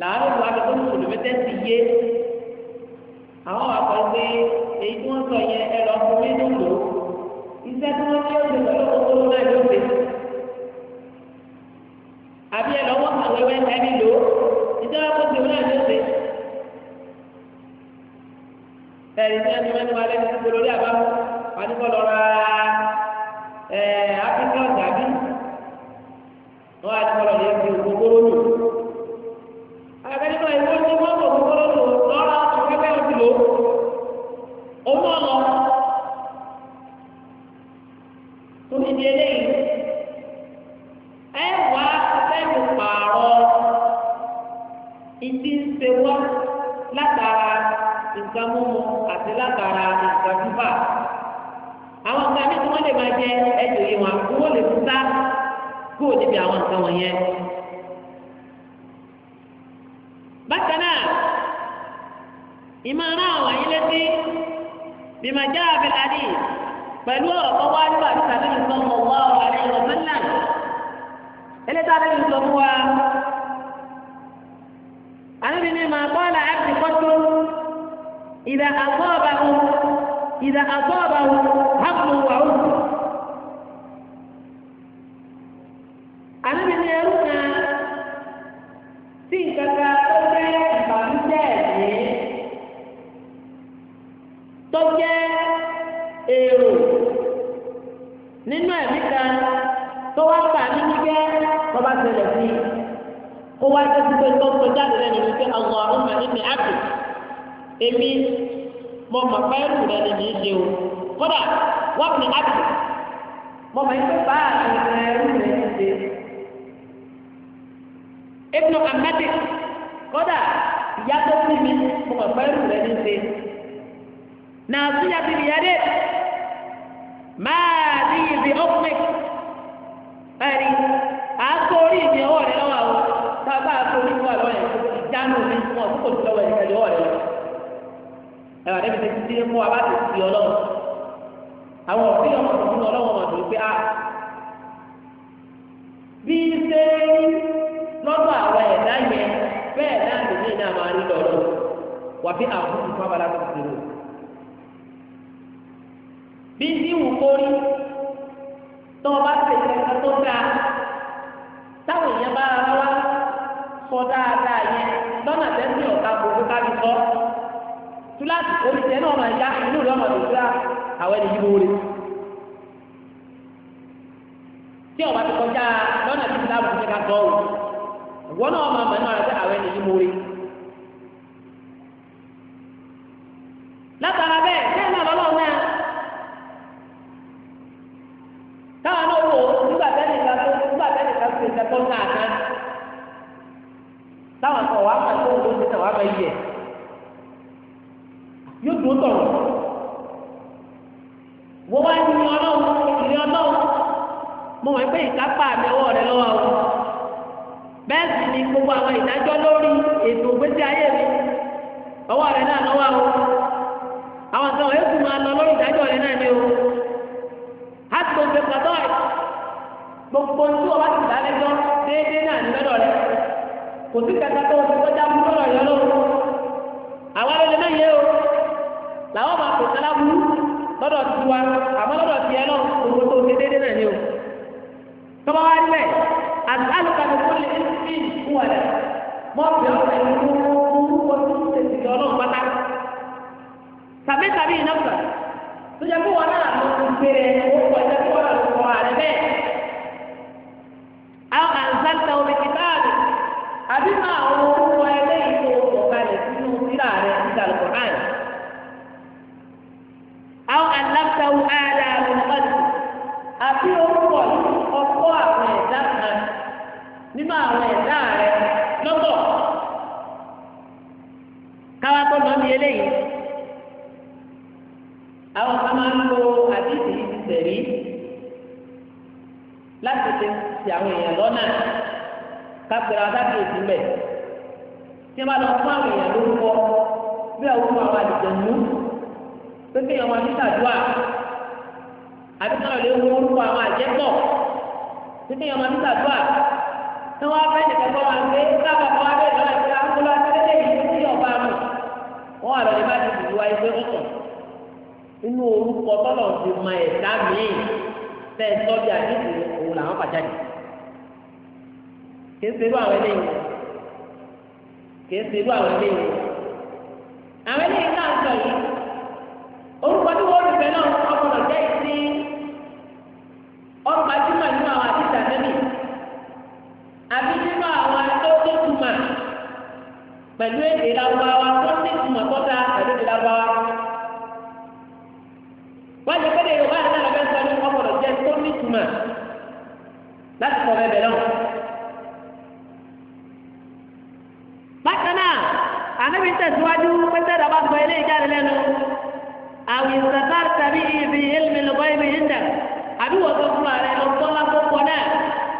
làárọ̀ tó wá lọ tó mùsùlùmí tẹ́sí yé àwọn àpọ̀ gbé èyí tí wọ́n sọ yẹn ló ń ṣe àbí ẹ lọ́wọ́ àwọn ẹwẹ́ ẹni lò ó ìjọba kó ti wúlò ló ń ṣe ẹ̀rí ní wọn ni wọn lẹ́nu lórí àbámu wọn ni kọ́ lọ́ra. ìdí ń ṣe wá látara nǹkan mímu àti látara nǹkan fífà àwọn nǹkan ní kí wọ́n lè máa jẹ ẹjọ́ yìí wọn kí wọ́n lè fi sá kó o níbi àwọn nǹkan wọ̀nyẹn. bákan náà ìmọ̀ràn àwọn àyín létí bímọ jẹ́ àbíládì pẹ̀lú ọ̀rọ̀ kan wá nígbà tí tàbí nìkan mọ̀ ọ̀rọ̀ àlẹ́ ìrọ̀mọ́lá ẹlẹ́tàbí nìkan mú wa ànábi ní màá bọ́ọ̀lù àbí kọ́tù ìdá àbọ̀ọ̀bà ìdá àbọ̀ọ̀bà hàmù wàhùn. wá jẹ́sí pé tó ń sọ jáde lẹ́nu ní pé àwọn àrùn mà ní ní àpè èmi mọ mà pẹ́rù rẹ ni ní í ṣe o kódà wọ́n fi àpè mọ mà ní pé báà ní pẹ́rù rẹ ní í ṣe. ebùnà amadi kódà ìyá tó fún mi mọ mà pẹ́rù rẹ ní í ṣe. nàásù yàtì ìyáde máa di ibi ọkùnrin báyìí àá sọ orí ìdí rẹ lọ́wọ́ àwọn tá a bá a tó ní wà lọ́yẹ̀ ìjánu ní wọn kókò tó lọ́wọ́ ẹ̀ka ìjọwọ́ rẹ̀ ẹ̀wà níbi tí ti dé mú wa bá ti fi ọlọ́run àwọn òbí ọmọ tó fún ọlọ́run ọmọ tó pé a ah, bí ṣe lọ́dọ̀ àwọn ẹ̀dá yẹn bẹ́ẹ̀ náà lè ní ìná máa rí lọ́dọ̀ wà bí àwọn tó fún abala tó ti rò bí ti wù kórí tó o bá ṣe ìrẹsẹ̀ tó dáa táwọn èèyàn bá ara wá sọ dáadáa yẹn lọ́nà tẹ́sí ọ̀gá gbogbo ká fi sọ túláàsì oríṣẹ́ náà máa yá inú rẹ̀ ọmọdé túlá àwọn ẹni yíbo rẹ̀ tí ọba ti kọjá lọ́nà tí ìlànà ti ká sọ ọ́ ìwọ náà máa mọ̀ náà rẹ̀ àwọn ẹni yíbo rẹ̀ látara bẹ́ẹ̀. ní gbogbo àwọn ìdájọ́ lórí ètò ògbésí ayé mi ọwọ́ rẹ̀ náà lọ́wọ́ o
àwọn nǹkan wọ̀nyí kù máa lọ lórí ìdájọ́ rẹ̀ náà ni o hàtò ṣe pàtó
gbogbo tí o bá ti dá lẹ́jọ́ déédéé náà ní lọ́dọ̀ rẹ̀
kò sí kẹta tó o ti kọjá mú lọ́dọ̀ rẹ̀ lọ́wọ́
àwọn ẹlẹ́ni náà yẹ o làwọn máa kò sálá burú lọ́dọ̀ tiwa àmọ́ lọ́dọ̀ tiẹ̀ náà gbogbo tó o ti déédéé náà ni o tọ́ba wá àgbàlùkà ní kò lè fi fún ẹ mọ bí ọ̀rẹ́ ní orúkọ tó ń tètè lọ náà pátá tàbí tàbí ìnáfà tó jẹ kó wọn náà lọ sí gbére orúkọ ẹjẹ kó wọn lọ kọ àrẹ bẹ́ẹ̀ àwọn àǹsá ń ta omi kìtáàbì. àpèrè àdáké ìsìnbẹ̀ tí a bá lọ fún àwọn èèyàn lórúkọ bí àwọn ọmọ àwọn àdìjẹ nù pé kéèyàn máa ní sàdúà
àbí káwọn lè orúkọ àwọn àjẹpọ̀ tí nìkan wọn káàbà akóló ọba wọn ní bá ti dùdú wáyé pé ó
inú orúkọ tọ́lọ̀ ti mọ ẹ̀dá tọ́jú kìí ṣerú àwọn eléyìí kìí ṣerú àwọn eléyìí àwọn eléyìí náà sọ yìí orúkọ tí wọ́n rí bẹ́ẹ̀ náà ọkùnrin jẹ́ ìsí ọgbà jùmọ̀ nínú àwọn àtìsà nẹ́bì
àbí nínú àwọn tó tó túmọ̀
èdè lágbáwá èdè lágbáwá wọ́n ti yorùbá ní láti bẹ́ẹ̀ anábì tẹ̀síwájú pẹ́sẹ́ dàbà sọ ilé ìjáde lẹ́nu àwìn sàtàr tàbí ibi ilmi lọ́gbọ́ ibi yíndà àbí wọ́n tó fún ààrẹ lọ gbọ́ lákòókò náà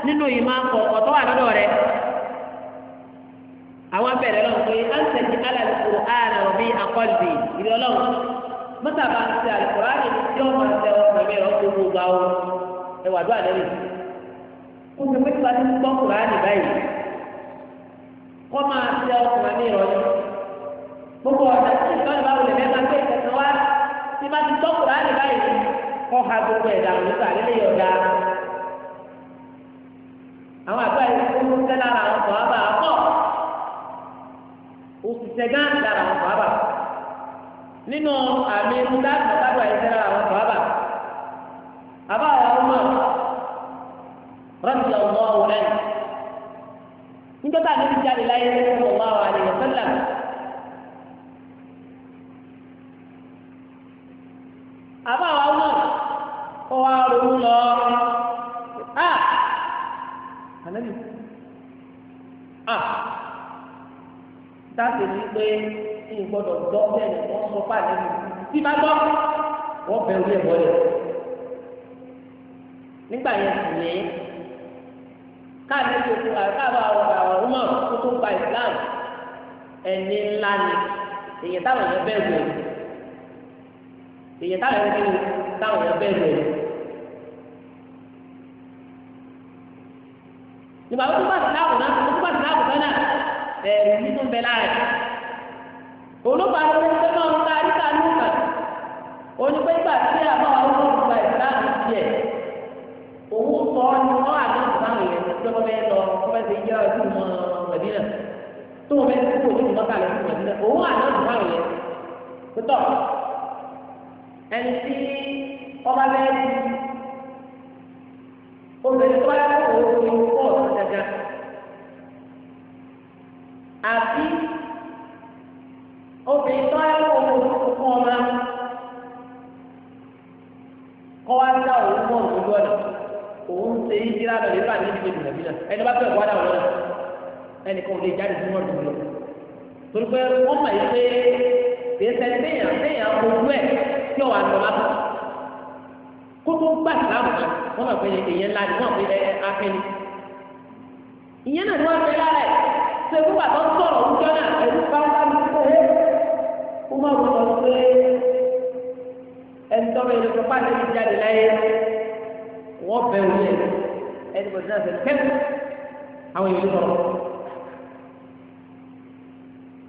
nínú ìmọ̀ akọ̀ ọ̀tọ́ àdọ́dọ̀ rẹ̀. àwọn bẹ̀rẹ̀ lọ pé ansẹ̀jì alàlùkù ààrẹ òbí akọ́lùbì ìlú ọlọ́run mọ́tàbà ń ṣe àlùkò ààrẹ tí ó máa ṣe ọkùnrin mi ti gbọ́ kùránì báyìí wọ́n máa ṣe ọkùnrin mi gbogbo ọ̀dà tí ìgbà ìgbà wò lè fẹ́ máa gbé ìtẹ̀sán wá tí bá ti tọ́kù láàrin báyìí kọ́ ha gbogbo ẹ̀dá òníkà lílé ọ̀dà. àwọn àgbà yìí kó ló lára àwọn sọ̀ ábà pọ̀ òṣìṣẹ́ gán lára àwọn sọ̀ ábà nínú àmì ńlá àgbàdo àyẹ̀tẹ́ lára nígbà tá a ní ti jáde láyé ní ọ̀mọ́ àwọn àlè ń lọ a ànábì a dáàbò ní pé kí n gbọ́dọ̀ gbọ́ bẹ́ẹ̀ ni wọ́n sọ fún ànábì tí bá gbọ́ wọ́n bẹ orí ẹ̀ bọ́lẹ̀ nígbà yẹn sì ní káàdé tó kú àkáàbà ọ̀gá ọ̀rọ̀ gba ìsìláàmù ẹni ńlá ni èyí táwọn yẹn bẹ́ẹ̀ lò èyí táwọn yẹn bẹ́ẹ̀ lò. ìgbà tó bá sìláàbù náà tó bá sìláàbù náà ẹ̀rù nínú bẹ láàrẹ̀. olùkọ́ àwọn ọmọ náà ń ta àríkà ní ìgbà onígbẹ́ ìgbà tí àwọn ọmọ olùgbà ìsìláàbù tiẹ̀ òun sọ ọ́ ni wọ́n àgbẹ̀ ìsìláàbù yẹn tó bá bẹ́ẹ̀ lọ tó bá ti yẹ ọdún mọ́ mẹ́dínà tó wọn bẹ́ẹ̀ kó ojú ìmọ̀ kalẹ̀ tó tọ̀ ẹni tí ọba obìnrin tó bá yà kó òun ní pọ́ọ̀lù gàgà àbí obìnrin tó yà kó òun ní kókó ọmọ kọ́ wá dá òun mọ́ òun lọ́nà òun ṣe é jíra lọ nípa ní ìdílé ìdílé ìdílé ẹni bá fẹ́ wá dá òun lọ́nà ẹnì kan ò lè jáde sí mọ́tò lọ torí pé wọ́n mọ̀ yìí pé kì í ṣe téèyàn téèyàn ojú ẹ̀ tí ò wà lọ́wọ́ kótó gbà sílámù náà wọ́n máa fẹ́ èèyàn ńlá ni wọ́n fi ẹ eh, afẹ́ni. ìyẹn náà ni wọ́n fẹ́ lára ẹ̀ ṣe fún bàtà ń sọ̀rọ̀ ọ̀húnjọ́ náà ẹ̀rú bá ń bá mi sí pé eh, ó máa wọ̀ lọ sí ẹni tọ́rọ ìlú tó pàṣẹ ti jáde láyé wọ́n bẹ òun yẹn ẹni bọ̀ sí àṣẹ kẹ́kù
àwọn ìlú sọ̀rọ̀.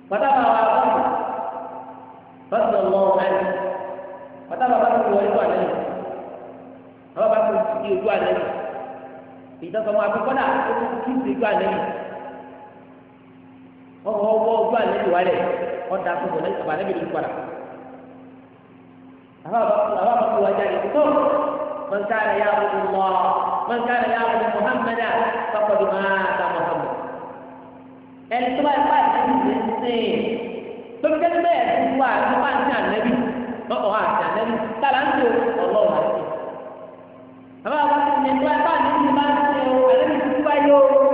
bàtà bàbá bàbá bàtà lọ́wọ́ bàtà bàbá tó wọlé wà lẹ́yìn àwọn bá kó ti di ojú alẹ́ yìí ìtọ́sọmọ akókọ́dà ó ti kí ti ojú alẹ́ yìí wọ́n wọ́ wọ́ ojú alẹ́ yìí wálẹ̀ ọ̀dà àkókò lẹ́yìn àbá lẹ́bi lórí padà àwọn bá kó wájà lè tó man kana ya'budu Allah man kana ya'budu Muhammadan faqad mata Muhammad ẹni tó bá yẹ fún àtẹ̀jú rẹ̀ ń sìn tó fi kẹ́lí bẹ́ẹ̀ fún tó bá ń sìn ànẹ́bí ọ̀hún
àbá wa ti ní ẹgbẹ́ bá ní ìlú ṣe o àlẹ́ mi kúkú bá yọ o.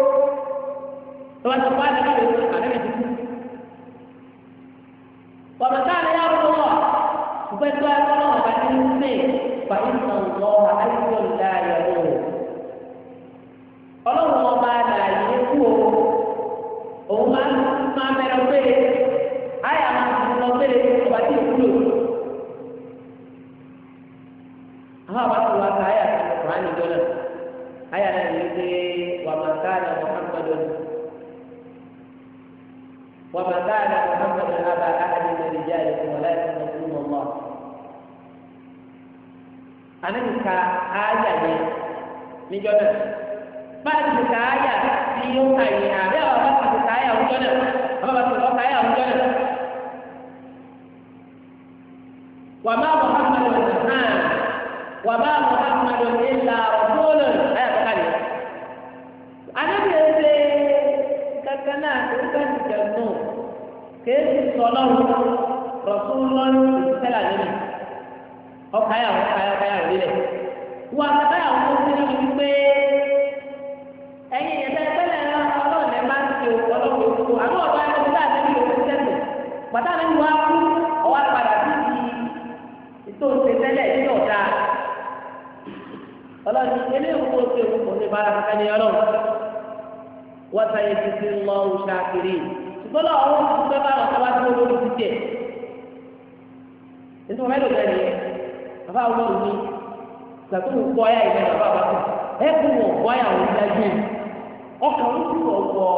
ọkàn ó ti wọ̀ wọ̀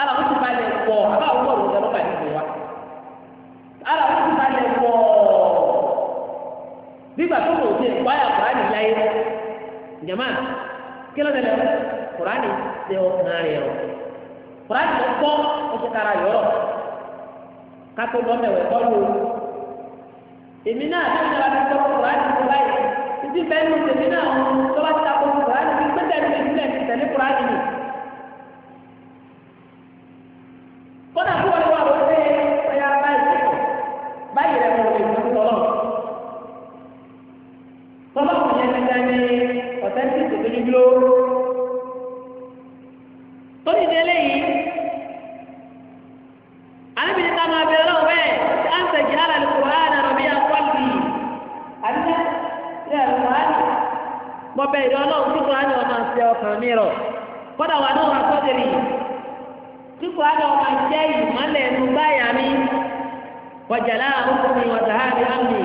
ara ó ti balẹ̀ wọ̀ àbá àwọn ọ̀rọ̀ ìjọba bá ti wọ̀ wá ara ó ti balẹ̀ wọ̀ nígbà tó kò sí ẹ̀kọ́ àyà kùránì láyé jama kí ló dé lẹ́wọ́ kùránì ṣe ọkàn rẹ̀ rọ̀ kùránì tó gbọ́ ó ti kára yọ̀rọ̀ kátó lọ́mẹ̀wẹ̀ tọ́lú èmi náà lẹ́yìn náà ti tọ́ kùránì tó báyìí ìdí bẹ́ẹ̀ ní òṣèlú náà tó bá ti ta kó kúrò láti fi pété ní ìdílé ìtẹ̀lé kúrò láti nì. wàjàlá àkókòmí wàtàhárì àmì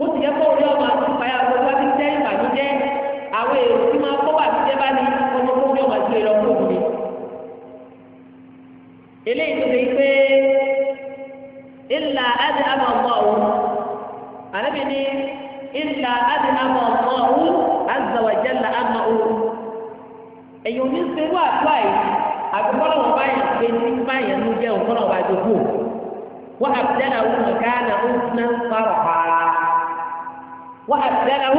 ó sì yẹ kó orí ọmọ àti ìpayà gbogbo àti tẹ ìbànújẹ́ àwọn èrò tí máa kó wà níjẹ bá ní ọmọ kó orí ọmọ àti ìlọ kó mi. eléyìí tó fi pé ìlà àti àmọ̀ ọ̀gbọ́n òun àlẹ́bí ní ìlà àti àmọ̀ ọ̀gbọ́n òun àzàwàjẹ́là àmọ̀ òun èyí ò ní ṣerú àtúwà yìí báyìí pé ní báyìí ẹnu jẹ́ òun kọ́ lọ́wọ́ وأبدله مكانه حسنا فرحا
وأبدله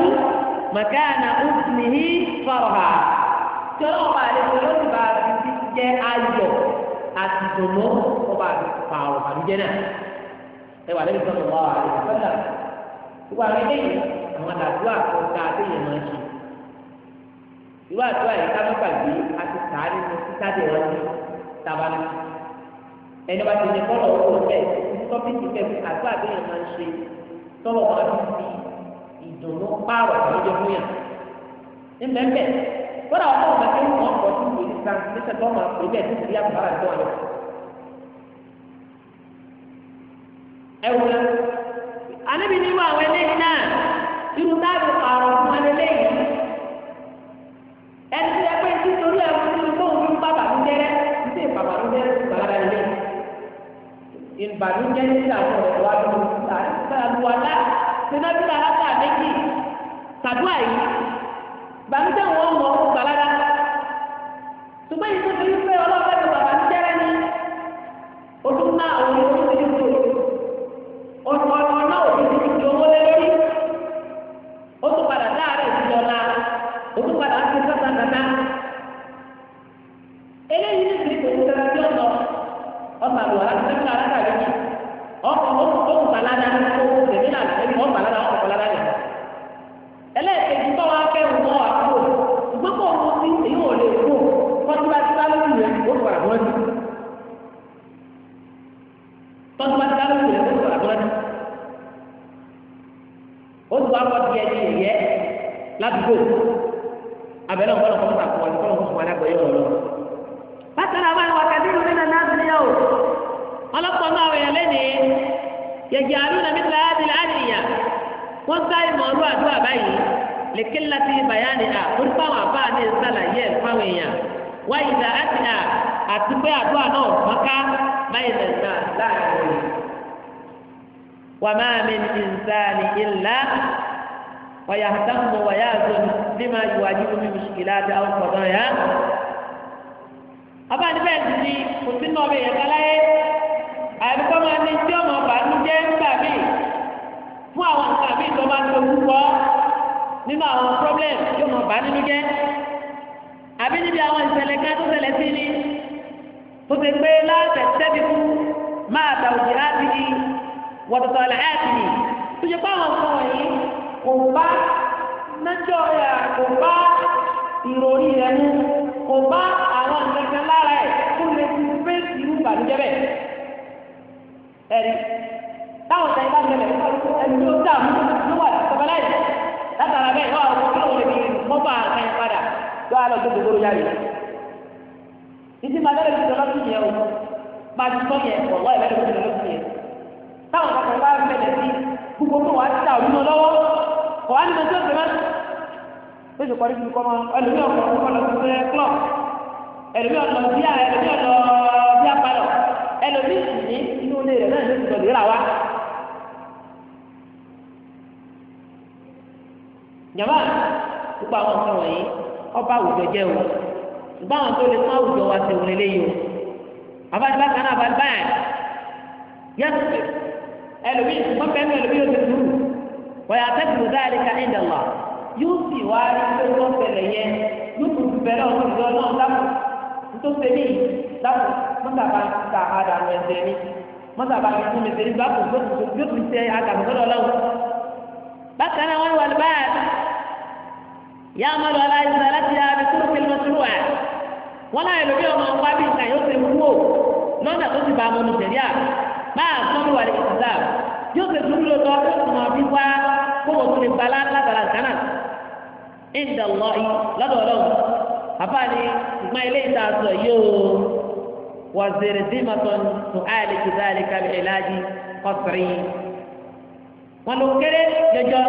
مكان حسنه
فرحا تلو بالك لو بعد جاء أيو أتدمو وبعد فاو بنجنا ẹwà lẹbi sọlọ wà wà lẹbi sọlọ gbogbo àwọn eléyìí àwọn àdàdúrà tó ta àtẹyẹ máa ṣe ìwà àdúrà yìí ká má gbàgbé àti tàá nínú títàdé wọn ní tabalẹ ẹni bá ti ní bọ́ọ̀lù ọ̀hún bẹ́ẹ̀ ní tọ́pìkì bẹ́ẹ̀ àgbà àbẹ́yẹn máa ń ṣe tọ́wọ́ máa fi fi ìdùnnú pààrọ̀ lọ́jọ́ fún yàn. ní mẹ́mẹ́ bọ́dà ọ̀hún ọ̀gá tó ń wọ́n ọ̀pọ̀ tó ń wò ní sáà ní sẹ́tọ́ máa pè bẹ́ẹ̀ tó ti yá bàbá àti wọn. ẹ wò lọ anábì ní wà àwọn eléyìí náà irú táàbù pààrọ̀ fún ẹni lẹ́yìn ẹni tí ẹ pé nítorí ẹ fún mi kó òun bá bàbá mi jẹ́rẹ́ ní ìbànújẹ́ nígbà tó rẹ̀ wá ló ń ta àlùwàlá sinabila rákà méjì tàdúrà yìí ìbànújẹ́ wọn mọ̀ ọ́ gbàlára ṣùgbọ́n yìí tó fi ń fẹ́ ọlọ́ọ̀fẹ́ tó bàbá ń jẹ́rẹ́ ní ọdún náà òun ló ti di tó ọ̀nà náà òun ti di owó lé lórí ó tún padà dáàrẹ̀ ìdílé ọ̀la ó tún padà á ti sọ́ta kàtà eléyìí ní ti ọ̀sà àlùwà láti sẹ́kìlà alága méjì ọkọ̀ ọ̀hún balada owó tèmi là lẹ́yìn ọ̀hún balada ọkọ̀ balada lẹ̀. ẹlẹ́ẹ̀kejì tó wá kẹ́rù mọ́ àkókò ìgbẹ́kọ̀ ọ̀hún sí èyí ò lè kó kọ́tùbátìbá lórí rẹ̀ ó fọ àgbọ́dì. kọ́tùbátìbá lórí rẹ̀ ó fọ àgbọ́dì. ó tún akọ tiẹ̀ ní ẹ̀yẹ ládùúgbò abẹ́lẹ́ ọ̀gbọ́n ọlọ́pàá náà wẹ̀yẹ lẹ́nìí yẹ̀jẹ̀ àrùn àmì tìlá àdìlá àdìyà wọ́n sáré mọ̀ọ́rú àdúrà báyìí lèkè láti bàyáni à onípàwọn àbá ní ìsàlàyé ẹ̀ fáwọn èèyàn wáyé ìdá àti à àti pé àdúrà náà mọ́ká báyìí lẹ̀ náà láàrin òye. wà máa mi ní ìsáni ìlà wàyà àtàkùn wàyà àzọ́nù bí máa yọ àjíbù mi mùsùlùmí àti àwọn ọ̀dọ́ yá.
ọba níbẹ̀ ti di kò sínú ọbẹ̀ yẹn káláyé àyẹ̀dùkọ́ máa ní tí ọmọ bàánújẹ́ nígbà míì
fún àwọn nǹkan míì tó máa ń lo púpọ̀ nínú àwọn problem tí ọmọ bàánújẹ́ àbí níbi àwọn ìṣẹ̀lẹ̀ kan tó ṣẹlẹ̀ sí ni tó ti pé látẹ̀tẹ́bi fún máa bà òjì láti di wọ̀tọ̀tọ̀ làákì ni tó ṣe pé àwọn nǹkan wọ̀nyí kò bá nájọ́ yà kò bá ìròyìn rẹ̀ mú kò bá àwọn nǹkan kan lára ẹ̀ kó lè fi fèsì irú bàánújẹ́ bẹ́ẹ̀ ẹ̀rí táwọn ọ̀sẹ̀ ìbá mẹ́lẹ̀ ẹni tó dà mú ló wà sọ̀bẹ̀lẹ̀ látara bẹ́ẹ̀ wọ́n àwọn ọmọ òun lè mọ́bà kan padà tó a lọ sí gbogbo yàrá yìí. ìdí máa bẹ́ẹ̀ lọ́sọ̀ lọ́sọ̀ yẹn o máa ti sọ yẹn ọ̀wọ́ ẹ̀ bẹ́ẹ̀ lọ́sọ̀ lọ́sọ̀ yẹn.
táwọn ọ̀sẹ̀ ìbá mẹ́lẹ̀ sí gbogbo tó wà á ti ta òun lọ́wọ́ kọ̀ wá ní mo tó ṣe mẹ́
lóṣù kọ́rí fún kọ́mọ ẹlòmí ọ̀pọ̀ ọ̀pọ̀ lọ sí club ẹlòmí ọ̀lọ́ bíà ẹlòmí ọ̀lọ́ bíà palọ̀ ẹlòmíì ní inú ilé rẹ̀ náà ló àwọn nǹkan wọ̀nyí ọba àwùjọ jẹ́ o tó lè fún àwùjọ wa ṣe òun eléyìí o àbájá kan náà àbájá báyà yẹtùtù ẹlòmíì ṣùgbọ́n pẹ̀lú ẹlòmíì yóò ti dùn wọ́yà tẹ́tù dáadé ká ẹ̀dá lọ yóò sì wá rí pé wọ́n yẹn yóò tún ìjọ náà mọ́tàbá ta àdànù ẹ̀sẹ̀ mi mọ́tàbá mi fún mi ṣe nígbà kò yóò fi ṣe àdànù sọ́dọ̀ ọlọ́run. bákan náà wọ́n wà lóba yá ọmọ lọ aláìsàn láti yá abẹ kúrò pẹ̀lú ọtún wà wọn náà lórí ọmọ wa bí nǹkan yóò ṣe wúwo lọ́nà tó ti bá ọmọ nìjẹ̀rí à máa sọ́nù wà lè kìtà yóò ṣe dúró lọ́tọ́ yóò tún máa bí wá kó wọ́n tún lè gbalá látara gánà ìdàlọ́ yìí lọ́dọ̀ ọlọ́run bàbá ni ìgbà ilé ìta sọ وزرزمة تعالج ذلك بعلاج قصري wọn ló kéré jẹjọ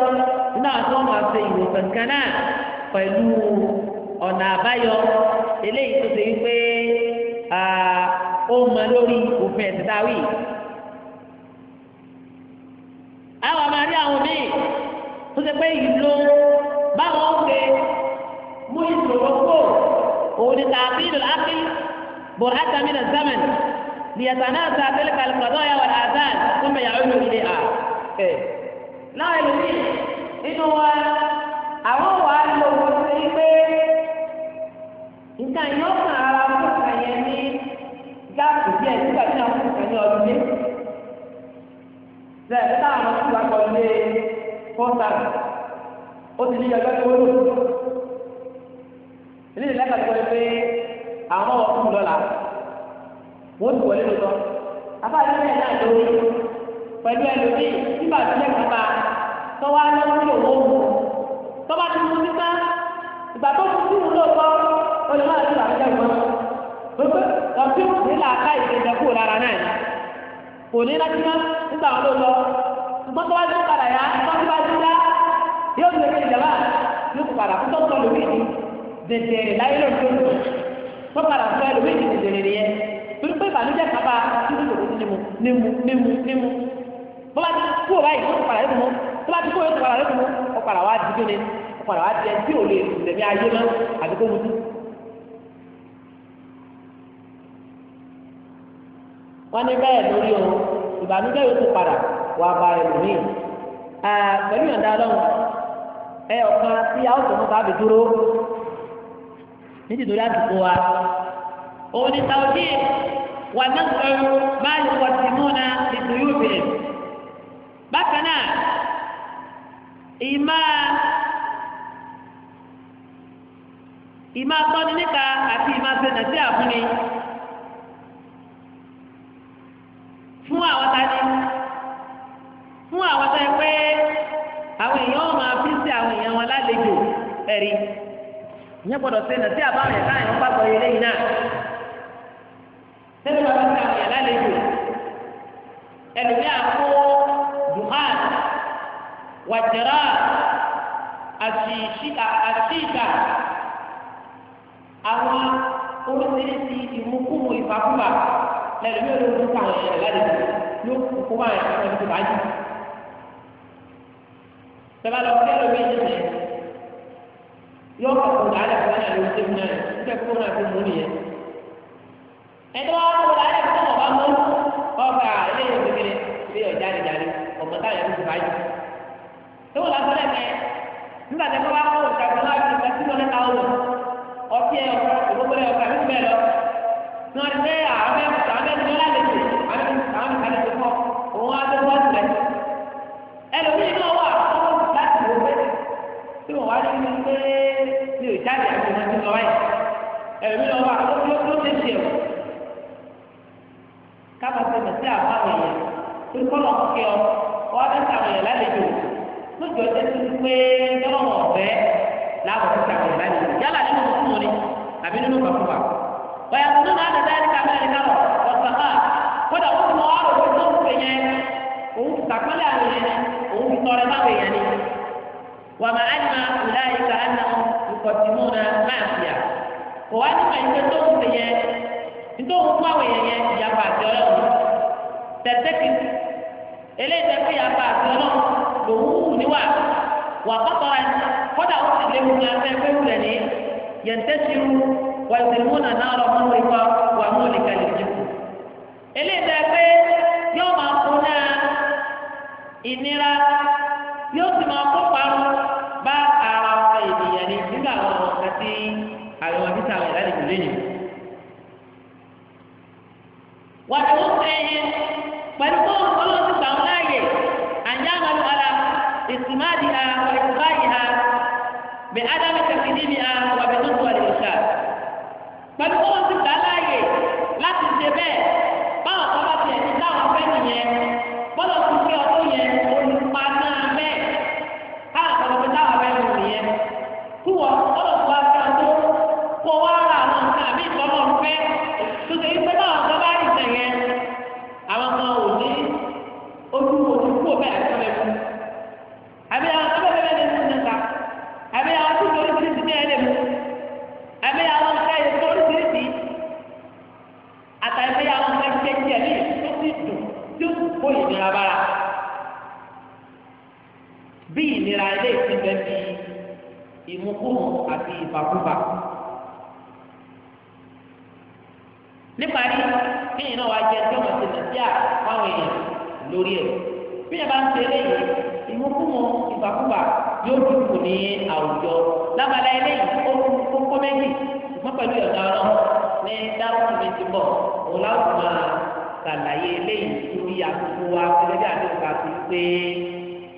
nínú àwọn ọmọ àti ìwòsàn kan náà pẹ̀lú ọ̀nà àbáyọ eléyìí tó ṣe yí pé ó mọ lórí òfin ẹ̀sìn dáwì. àwọn máa rí àwọn míì tó ṣe pé ìlú báwọn ń pè mú ìṣòro kó òun ni tàbí ìlú ápì. برهة من الزمن ليتناسى تلك القضايا والآثار ثم يعود إليها لا يلوي إنه àwọn wà lò wò sí pé
nǹkan yóò kàn ara fúnka yẹn ní
gáàsì díẹ̀ nígbà tí àwọn fúnka ní ọdún lé bẹ́ẹ̀ táwọn ọmọ fúnka kọ lé fọ́tà ó ti ní ọjọ́ tó wọ́n lò àwọn ọ̀tún lọ́la wọ́n ti wọlé lọ́tọ́ abáyé náà náà lórí pẹ̀lú ẹlòmíì tí bàbá ilé kan bá tọ́wọ́ alọ́wọ́ ní òwò òwò tọ́ba ti mú títà ìgbà tó kú sí ìwúlò kọ́ olè máa ti bàbá ìjẹun mọ́ pé ọtí nílà aká ìgbẹ́jẹ kúrò lára náà kò ní lájú mọ́ nígbà wọn ló lọ ṣùgbọ́n tọ́wọ́ ti padà yá tọ́wọ́ ti bá ti dá yóò ti lè fi ìjàmbá yóò ti padà fún tọ́kọ̀ lómi ní
dèdè láyé lóòótọ́ tọ́kadà fẹ́ lómi ìdìbò ìdèrè nìyẹn torí pé ìbànújẹ́ kaba títí kò
ní mu ní mu ní mu ní mu bó bá ti kú o báyìí yóò padà lóko mu tó bá ti kú o yóò padà lóko mu ó padà wá di jóni ó padà wá di ẹ tí ò lè tẹ̀mí ayé mọ́ àti kó mu tú. wọ́n ní bẹ́ẹ̀ lórí o ìbànújẹ́ yóò tó padà wà bá ẹlòmíì pẹ̀lú ìyọ̀ǹda ọlọ́run ẹ ọ̀kan tí a ó tó mú bá bì dúró nítorí àdúgbò wa òun ni sàwùjì wà náà sọ̀rọ̀ máa lè wọ tìmú na ètò yóò bẹ̀rẹ̀ bákan náà ìmá ìmá tọ́ni níta àti ìmá ṣe nàìjíríà àfúnni fún àwọn tani fún àwọn tani pé àwọn èèyàn máa fi sí àwọn èèyàn wọn lálejò ẹ̀rí ìyẹn gbọ́dọ̀ ṣe nà sí àbáwọn ẹ̀ka ẹ̀hún bá gbọ́ ilé yìí náà tẹ́lẹ̀ bá bá ta àwọn ẹ̀dá lẹ́jọ́ ẹlòmíà kó duhan wàjẹrà àṣìṣà àwọn oríṣiríṣi ìmúkúmu ìfàkúfà lẹ́lòmíà ló ń kó àwọn ẹ̀dá lẹ́jọ́ ló kó kó bá àwọn ẹ̀dá lẹ́jọ́ bá jù tẹ́lẹ̀ bá lọ sí ẹlòmíà lẹ́jọ́ yọ ọkọ làálẹ fún ẹnà lórí tẹmu náà níbẹ̀ kó náà fún múni yẹn ẹ̀tọ́ wa kọ làálẹ fún ọba mú ọba eléyìí kékeré eléyìí ọjàre jàre ọmọ táyà ló ti báyìí tó wọn lásán lẹmẹ nígbà tẹ kọ bá kọ òkúta fún wa fún ẹtí wọn lẹta ọtí ẹ ọkọ ìgbókòlẹ ọkọ àbí bẹ́ẹ̀ lọ ní wọn àwọn ẹkùtà àwọn àwọn ẹkùtà wọn lálejò kọ òun wá tó wọn tilẹ̀ ẹlòmíì tí wọ́n wá ní pé mi ò jáde àti wọn ti lọ báyìí ẹ̀mí lọ́wọ́ àkókò tó ti ṣe o káfà sẹ́mi sí àbáwọ̀ yẹn tó kọ́lọ̀ kí ọ wọ́n bẹ́ sàwọn yẹn lálejò lójú ọjọ́ tó ti pé lọ́wọ́ ọ̀fẹ́ láwọn ti sàwọn yẹn lálejò yálà nínú fún mi àbí nínú bàbá báyà tó nínú àdàdà ẹni ká mẹ́rin ká lọ ọ̀sán náà kódà ó ti mọ ọ̀rọ̀ òfin tó ń pè yẹn òun ti sàkọ́lẹ̀ àwọn yẹn òun ti tọrẹ báwọn yẹn ni wàmà ánìmá ìlà ìka ànàmú ìkọ̀tìmú na máa fìyà
kò wá nípa ìgbé tó ń fi yẹ nítorí òun fún àwọn èèyàn yẹn ìyàpá àti ọlọ́run tẹ̀tẹ́kì eléyìí tẹ́kì ìyàpá àti ọlọ́run lòun wù níwà wà kọ́tọ́ra kọ́dà ó sì léwu ní afẹ́ pé wúlẹ̀ ní yẹ̀ntẹ́sirú
wà ìsìnkú nà náà lọ fún ìkọ wà mú òní kalẹ̀ jù eléyìí tẹ́ pé yóò sì máa kó parun bá ara ọmọ ènìyàn ní nígbà àwọn ọ̀sán tí àwọn ọmọ títà rẹ̀ láti gbèrè nìyí.
wà á tó fẹ́ yẹ pẹ̀lú kó ọlọ́run ti gbà wọn láàyè àyà wọn ara ìsìmáàdì ha wà ha bẹ ádámù tẹ̀sí níbi ha wà tó tó wà lè
pẹ̀lú kó ọlọ́run gbà láàyè láti ṣe bẹ́ẹ̀. pé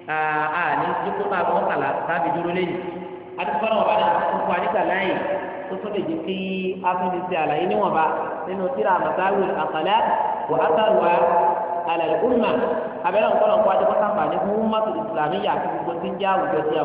a ní dúkú máa bọ́ kàlà tábì dúró lẹ́yìn adúgbò náà wà ní àkókò àníkà láyè tó tó lè jẹ kí afẹ́ni ti àlàyé níwọ̀nba nínú tíra àmàtàwé àkàlà wà á sàrùwà àlàlùkùnmà abẹ́rẹ́ nǹkan náà kó adúgbò sáfà ní fún mọ́tò ìsìlámì yà àti gbogbo tí ń já àwùjọ sí àw